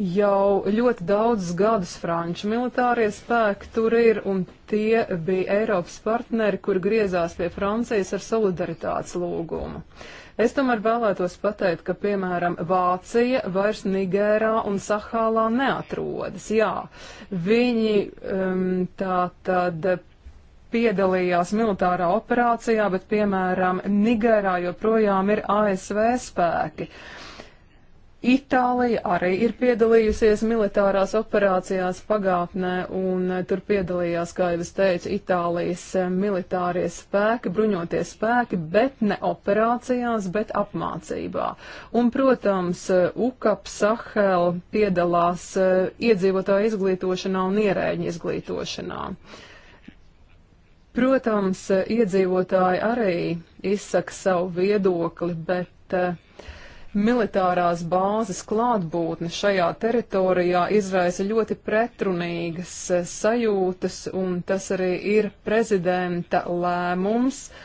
Jau ļoti daudzus gadus franču militārie spēki tur ir, un tie bija Eiropas partneri, kur griezās pie Francijas ar solidaritātes lūgumu. Es tomēr vēlētos pateikt, ka, piemēram, Vācija vairs Nigērā un Sahālā neatrodas. Jā, viņi um, tā tad piedalījās militārā operācijā, bet, piemēram, Nigērā joprojām ir ASV spēki. Uh, Itālija arī ir piedalījusies militārās operācijās pagātnē, un eh, tur piedalījās, kā jau es teicu, Itālijas eh, militārie spēki, bruņotie spēki, bet ne operācijās, bet apmācībā. Un, protams, eh, UKAP Sahel piedalās iedzīvotāju izglītošanā un ierēģi izglītošanā. Protams, iedzīvotāji arī izsaka savu viedokli, bet uh, Militārās bāzes klātbūtne šajā teritorijā izraisa ļoti pretrunīgas eh, sajūtas, un tas arī ir prezidenta lēmums uh,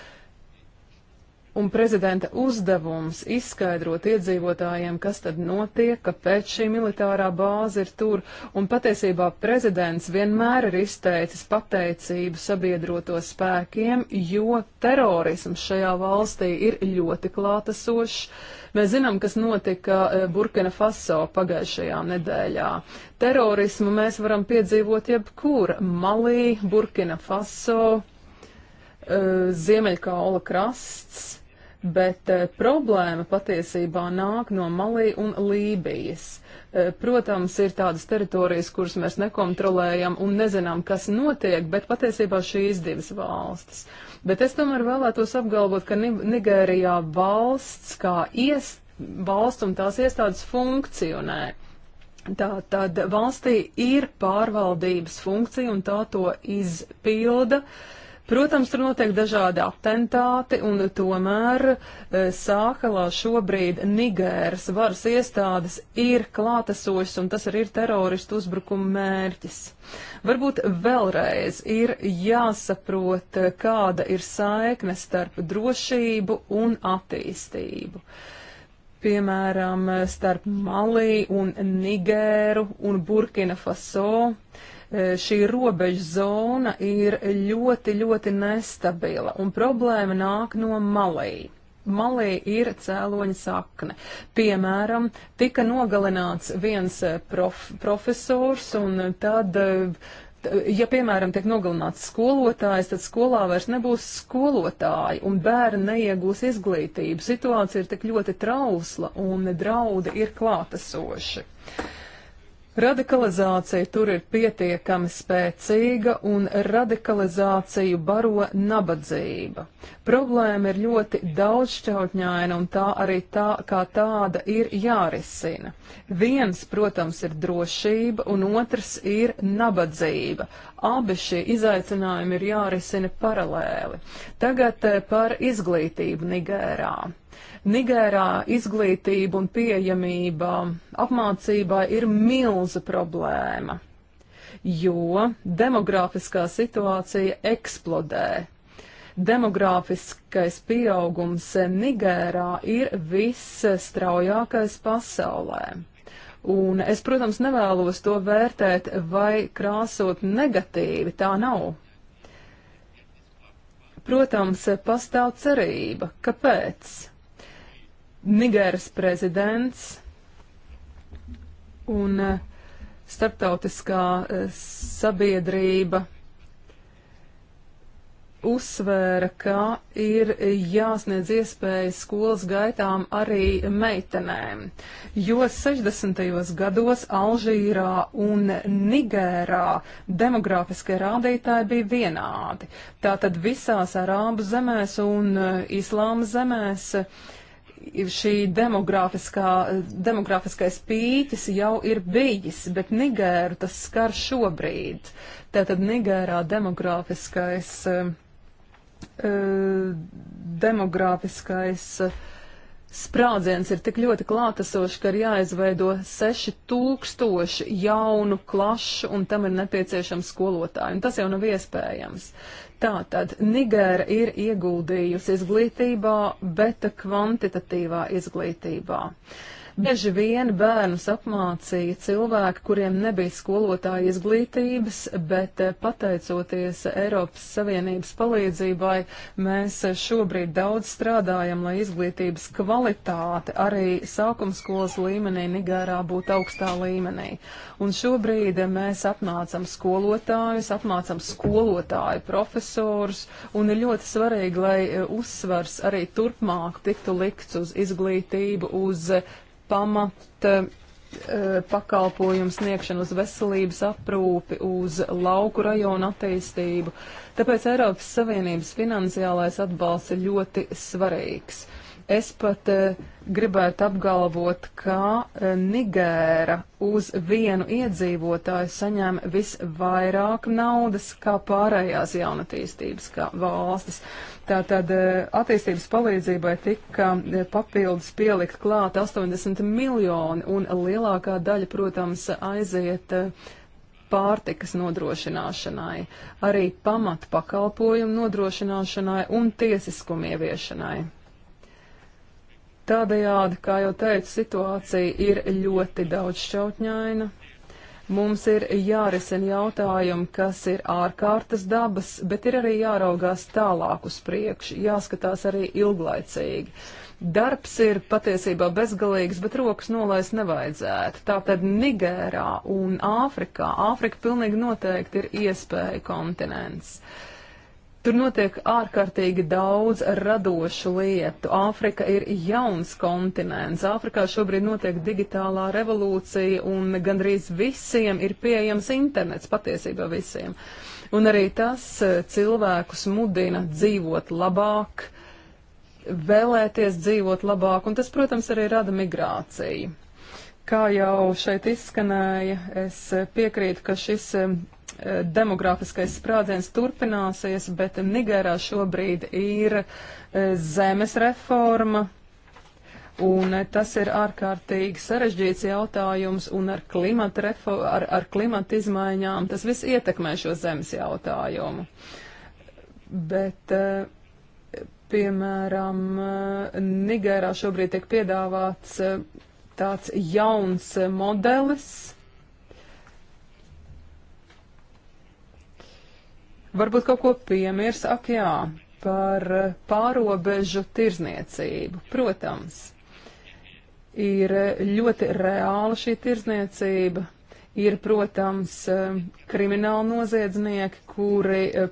un prezidenta uzdevums izskaidrot iedzīvotājiem, kas tad notiek, kāpēc šī militārā bāze ir tur, un patiesībā prezidents vienmēr ir izteicis pateicību sabiedroto spēkiem, jo terorisms šajā valstī ir ļoti klātesošs. Mēs zinām, kas notika eh, Burkina Faso pagājušajā nedēļā. Terorismu mēs varam piedzīvot jebkur - Malī, Burkina Faso, eh, Ziemeļkaula krasts bet e, problēma patiesībā nāk no Malī un Lībijas. E, protams, ir tādas teritorijas, kuras mēs nekontrolējam un nezinām, kas notiek, bet patiesībā šīs divas valstis. Bet es tomēr vēlētos apgalvot, ka Nigērijā valsts kā ies, valsts un tās iestādes funkcionē. Tā tad valstī ir pārvaldības funkcija un tā to izpilda. Uh, Protams, tur notiek dažādi attentāti, un tomēr e, Sāhelā šobrīd Nigēras varas iestādes ir klātesošas, un tas arī ir teroristu uzbrukuma mērķis. Varbūt vēlreiz ir jāsaprot, eh, kāda ir saikne starp drošību un attīstību. Piemēram, eh, starp Malī un Nigēru un Burkina Faso. Uh, E, šī robeža zona ir ļoti, ļoti nestabila, un problēma nāk no malī. Malī ir cēloņa sakne. Piemēram, tika nogalināts viens e, prof, profesors, un tad, e, ja, piemēram, tiek nogalināts skolotājs, tad skolā vairs nebūs skolotāji, un bērni neiegūs izglītību. Situācija ir tik ļoti trausla, un draudi ir klātesoši. Uh, Radikalizācija tur ir pietiekami spēcīga un radikalizāciju baro nabadzība. Problēma ir ļoti daudzšķautņaina un tā arī tā kā tāda ir jārisina. Viens, protams, ir drošība un otrs ir nabadzība. Abi šie izaicinājumi ir jārisina paralēli. Tagad eh, par izglītību Nigērā. Nigērā izglītība un pieejamība apmācībai ir milza problēma, jo demografiskā situācija eksplodē demogrāfiskais pieaugums Nigērā ir visstraujākais pasaulē. Un es, protams, nevēlos to vērtēt vai krāsot negatīvi, tā nav. Protams, pastāv cerība. Kāpēc? Nigēras prezidents un eh, starptautiskā eh, sabiedrība uzsvēra, ka ir jāsniedz iespējas skolas gaitām arī meitenēm, jo 60. gados Alžīrā un Nigērā demografiskie rādītāji bija vienādi. Tātad visās Arābu zemēs un eh, Islāma zemēs uh, šī demografiskais pīķis jau ir bijis, bet Nigēru tas skar šobrīd. Tātad Nigērā demografiskais, eh, eh, demografiskais eh, sprādziens ir tik ļoti klātesošs, ka ir jāizveido 6000 jaunu klašu, un tam ir nepieciešams skolotāji, un tas jau nav iespējams. Tātad Nigēra ir ieguldījusi izglītībā, bet kvantitatīvā izglītībā. Uh, Bieži vien bērnus apmācīja cilvēki, kuriem nebija skolotāja izglītības, bet eh, pateicoties Eiropas Savienības palīdzībai, mēs eh, šobrīd daudz strādājam, lai izglītības kvalitāte arī sākumskolas līmenī Nigērā būtu augstā līmenī. Un šobrīd eh, mēs apmācam skolotājus, apmācam skolotāju profesorus, un ir ļoti svarīgi, lai uzsvars arī turpmāk tiktu likts uz izglītību, uz pamat eh, pakalpojumu sniegšanu uz veselības aprūpi, uz lauku rajonu attīstību. Tāpēc Eiropas Savienības finansiālais atbalsts ir ļoti svarīgs. Es pat eh, gribētu apgalvot, ka eh, Nigēra uz vienu iedzīvotāju saņem visvairāk naudas kā pārējās jaunatīstības kā valstis. Tātad eh, attīstības palīdzībai tika papildus pielikt klāt 80 miljoni, un lielākā daļa, protams, aiziet pārtikas nodrošināšanai, arī pamat pakalpojumu nodrošināšanai un tiesiskumu ieviešanai. Tādējādi, kā jau teicu, situācija ir ļoti daudz šķautņaina. Mums ir jārisina jautājumi, kas ir ārkārtas dabas, bet ir arī jāraugās tālāk uz priekšu, jāskatās arī ilglaicīgi. Darbs ir patiesībā bezgalīgs, bet rokas nolaist nevajadzētu. Tātad Nigērā un Āfrikā, Āfrika pilnīgi noteikti ir iespēja kontinents. Uh, Tur notiek ārkārtīgi daudz radošu lietu. Āfrika ir jauns kontinents. Āfrikā šobrīd notiek digitālā revolūcija un gandrīz visiem ir pieejams internets, patiesībā visiem. Un arī tas eh, cilvēkus mudina dzīvot labāk, vēlēties dzīvot labāk, un tas, protams, arī rada migrāciju. Kā jau šeit izskanēja, es piekrītu, ka šis eh, Eh, demografiskais sprādziens turpināsies, bet Nigērā šobrīd ir eh, zemes reforma, un eh, tas ir ārkārtīgi sarežģīts jautājums, un ar klimata, refo, ar, ar klimata izmaiņām tas viss ietekmē šo zemes jautājumu. Bet, piemēram, Nigērā šobrīd tiek piedāvāts tāds jauns modelis, Varbūt kaut ko piemirs, ak jā, par pārobežu tirzniecību. Protams, ir ļoti reāla šī tirzniecība. Ir, protams, krimināli noziedznieki, kuri eh,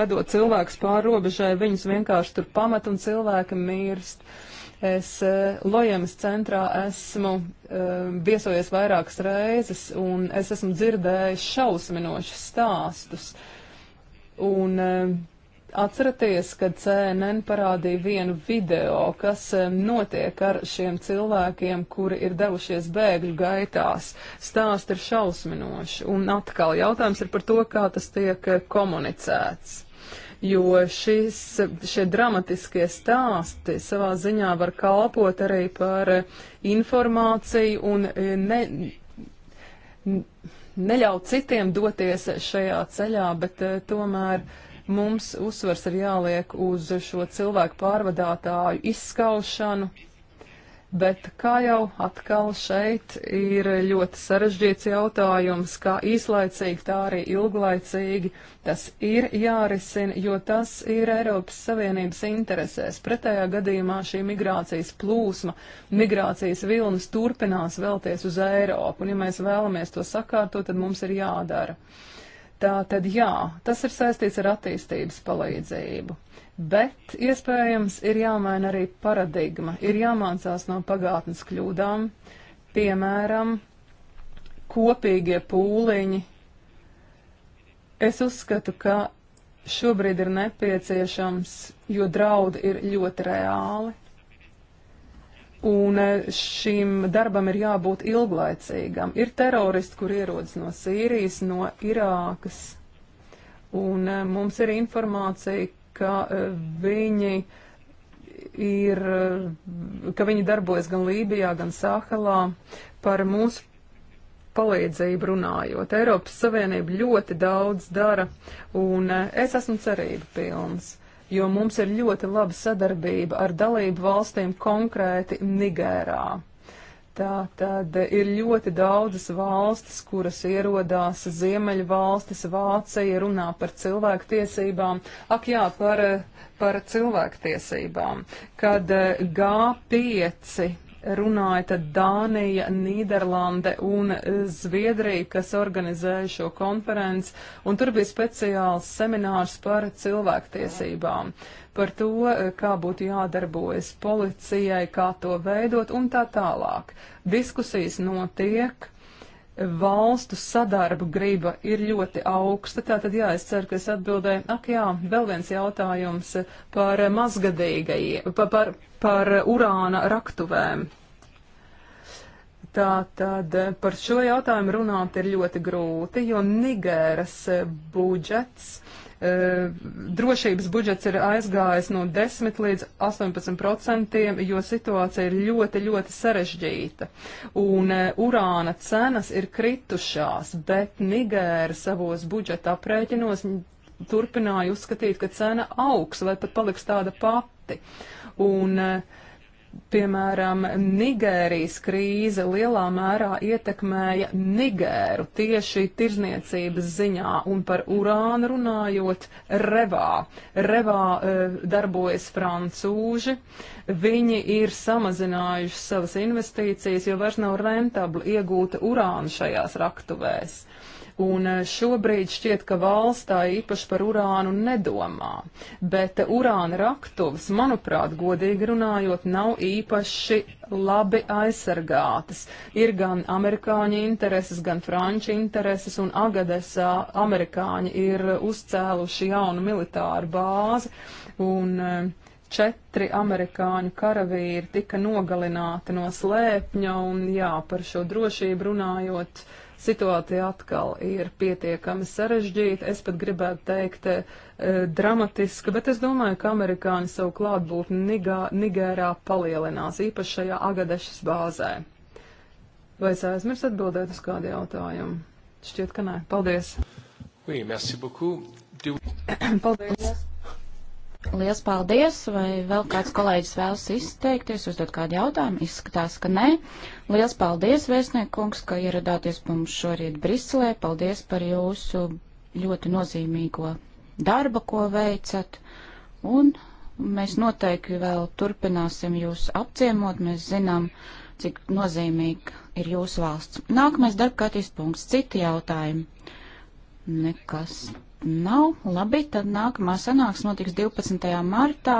vedot cilvēkus pāri robežai, viņus vienkārši tur pamet un cilvēki mirst. Uh, Es eh, Lojamas centrā esmu eh, viesojies vairākas reizes, un es esmu dzirdējis šausminošus stāstus. Un, eh, Atceraties, kad CNN parādīja vienu video, kas notiek ar šiem cilvēkiem, kuri ir devušies bēgļu gaitās. Stāsts ir šausminoši. Un atkal jautājums ir par to, kā tas tiek komunicēts jo šis, šie dramatiskie stāsti savā ziņā var kalpot arī par informāciju un e, ne, neļaut citiem doties šajā ceļā, bet e, tomēr mums uzsvars ir jāliek uz šo cilvēku pārvadātāju izskaušanu, Bet kā jau atkal šeit ir ļoti sarežģīts jautājums, kā īslaicīgi, tā arī ilglaicīgi tas ir jārisina, jo tas ir Eiropas Savienības interesēs. Pretējā gadījumā šī migrācijas plūsma, migrācijas vilnis turpinās vēlties uz Eiropu, un ja mēs vēlamies to sakārtot, tad mums ir jādara. Tā tad jā, tas ir saistīts ar attīstības palīdzību bet iespējams ir jāmaina arī paradigma, ir jāmācās no pagātnes kļūdām, piemēram, kopīgie pūliņi. Es uzskatu, ka šobrīd ir nepieciešams, jo draudi ir ļoti reāli. Un e, šim darbam ir jābūt ilglaicīgam. Ir teroristi, kur ierodas no Sīrijas, no Irākas. Un e, mums ir informācija, ka e, viņi ir, e, ka viņi darbojas gan Lībijā, gan Sāhelā par mūsu palīdzību runājot. Eiropas Savienība ļoti daudz dara, un e, es esmu cerību pilns, jo mums ir ļoti laba sadarbība ar dalību valstīm konkrēti Nigērā. Tā tad ir ļoti daudzas valstis, kuras ierodās Ziemeļu valstis, Vācija runā par cilvēktiesībām, ak jā, par, par cilvēktiesībām. Kad eh, G5 runāja tad Dānija, Nīderlande un Zviedrija, kas organizēja šo konferenci, un tur bija speciāls seminārs par cilvēktiesībām, par to, kā būtu jādarbojas policijai, kā to veidot un tā tālāk. Diskusijas notiek valstu sadarbu griba ir ļoti augsta. Tātad, jā, es ceru, ka es atbildēju. Ak, jā, vēl viens jautājums par mazgadīgajiem, par, par, par urāna raktuvēm. Tātad par šo jautājumu runāt ir ļoti grūti, jo Nigēras budžets drošības budžets ir aizgājis no 10 līdz 18%, jo situācija ir ļoti, ļoti sarežģīta. Un e, urāna cenas ir kritušās, bet Nigēra savos budžeta aprēķinos turpināja uzskatīt, ka cena augs vai pat paliks tāda pati. Un, uh, Piemēram, Nigērijas krīze lielā mērā ietekmēja Nigēru tieši tirzniecības ziņā un par urānu runājot Revā. Revā e, darbojas francūži, viņi ir samazinājuši savas investīcijas, jo vairs nav rentabli iegūta urāna šajās raktuvēs. Un eh, šobrīd šķiet, ka valsts tā īpaši par urānu nedomā. Bet eh, urāna raktuves, manuprāt, godīgi runājot, nav īpaši labi aizsargātas. Ir gan amerikāņu intereses, gan franču intereses, un Agadesā eh, amerikāņi ir uzcēluši jaunu militāru bāzi. Un, četri amerikāņu karavīri tika nogalināti no slēpņa, un jā, par šo drošību runājot, uh, Situācija atkal ir pietiekami sarežģīta, es pat gribētu teikt e, dramatiska, bet es domāju, ka amerikāņi savu klātbūtni Nigērā palielinās, īpaši šajā Agadešas bāzē. Vai es aizmirsu atbildēt uz kādu jautājumu? Šķiet, ka nē. Paldies! Oui, merci beaucoup. Du... Paldies! Liels paldies! Vai vēl kāds kolēģis vēlas izteikties, uzdot kādu jautājumu? Izskatās, ka nē. Liels paldies, vēstniekungs, ka ieradāties mums šorīt Briselē. Paldies par jūsu ļoti nozīmīgo darba, ko veicat. Un mēs noteikti vēl turpināsim jūs apciemot. Mēs zinām, cik nozīmīga ir jūsu valsts. Nākamais darbkārtīs punkts - citi jautājumi. Nekas. Nav, labi, tad nākamā sanāks notiks 12. martā,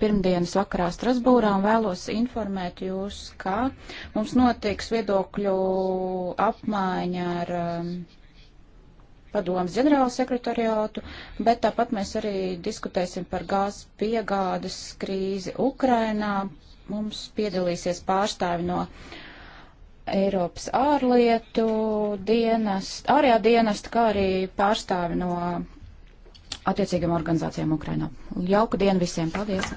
pirmdienas vakarā Strasbūrā, un vēlos informēt jūs, ka mums notiks viedokļu apmaiņa ar um, padomas ģenerālu sekretariātu, bet tāpat mēs arī diskutēsim par gāzes piegādes krīzi Ukrainā. Mums piedalīsies pārstāvi no uh, Eiropas ārlietu dienas, ārējā dienesta, kā arī pārstāvi no attiecīgiem organizācijām Ukrainā. Jauka diena visiem! Paldies!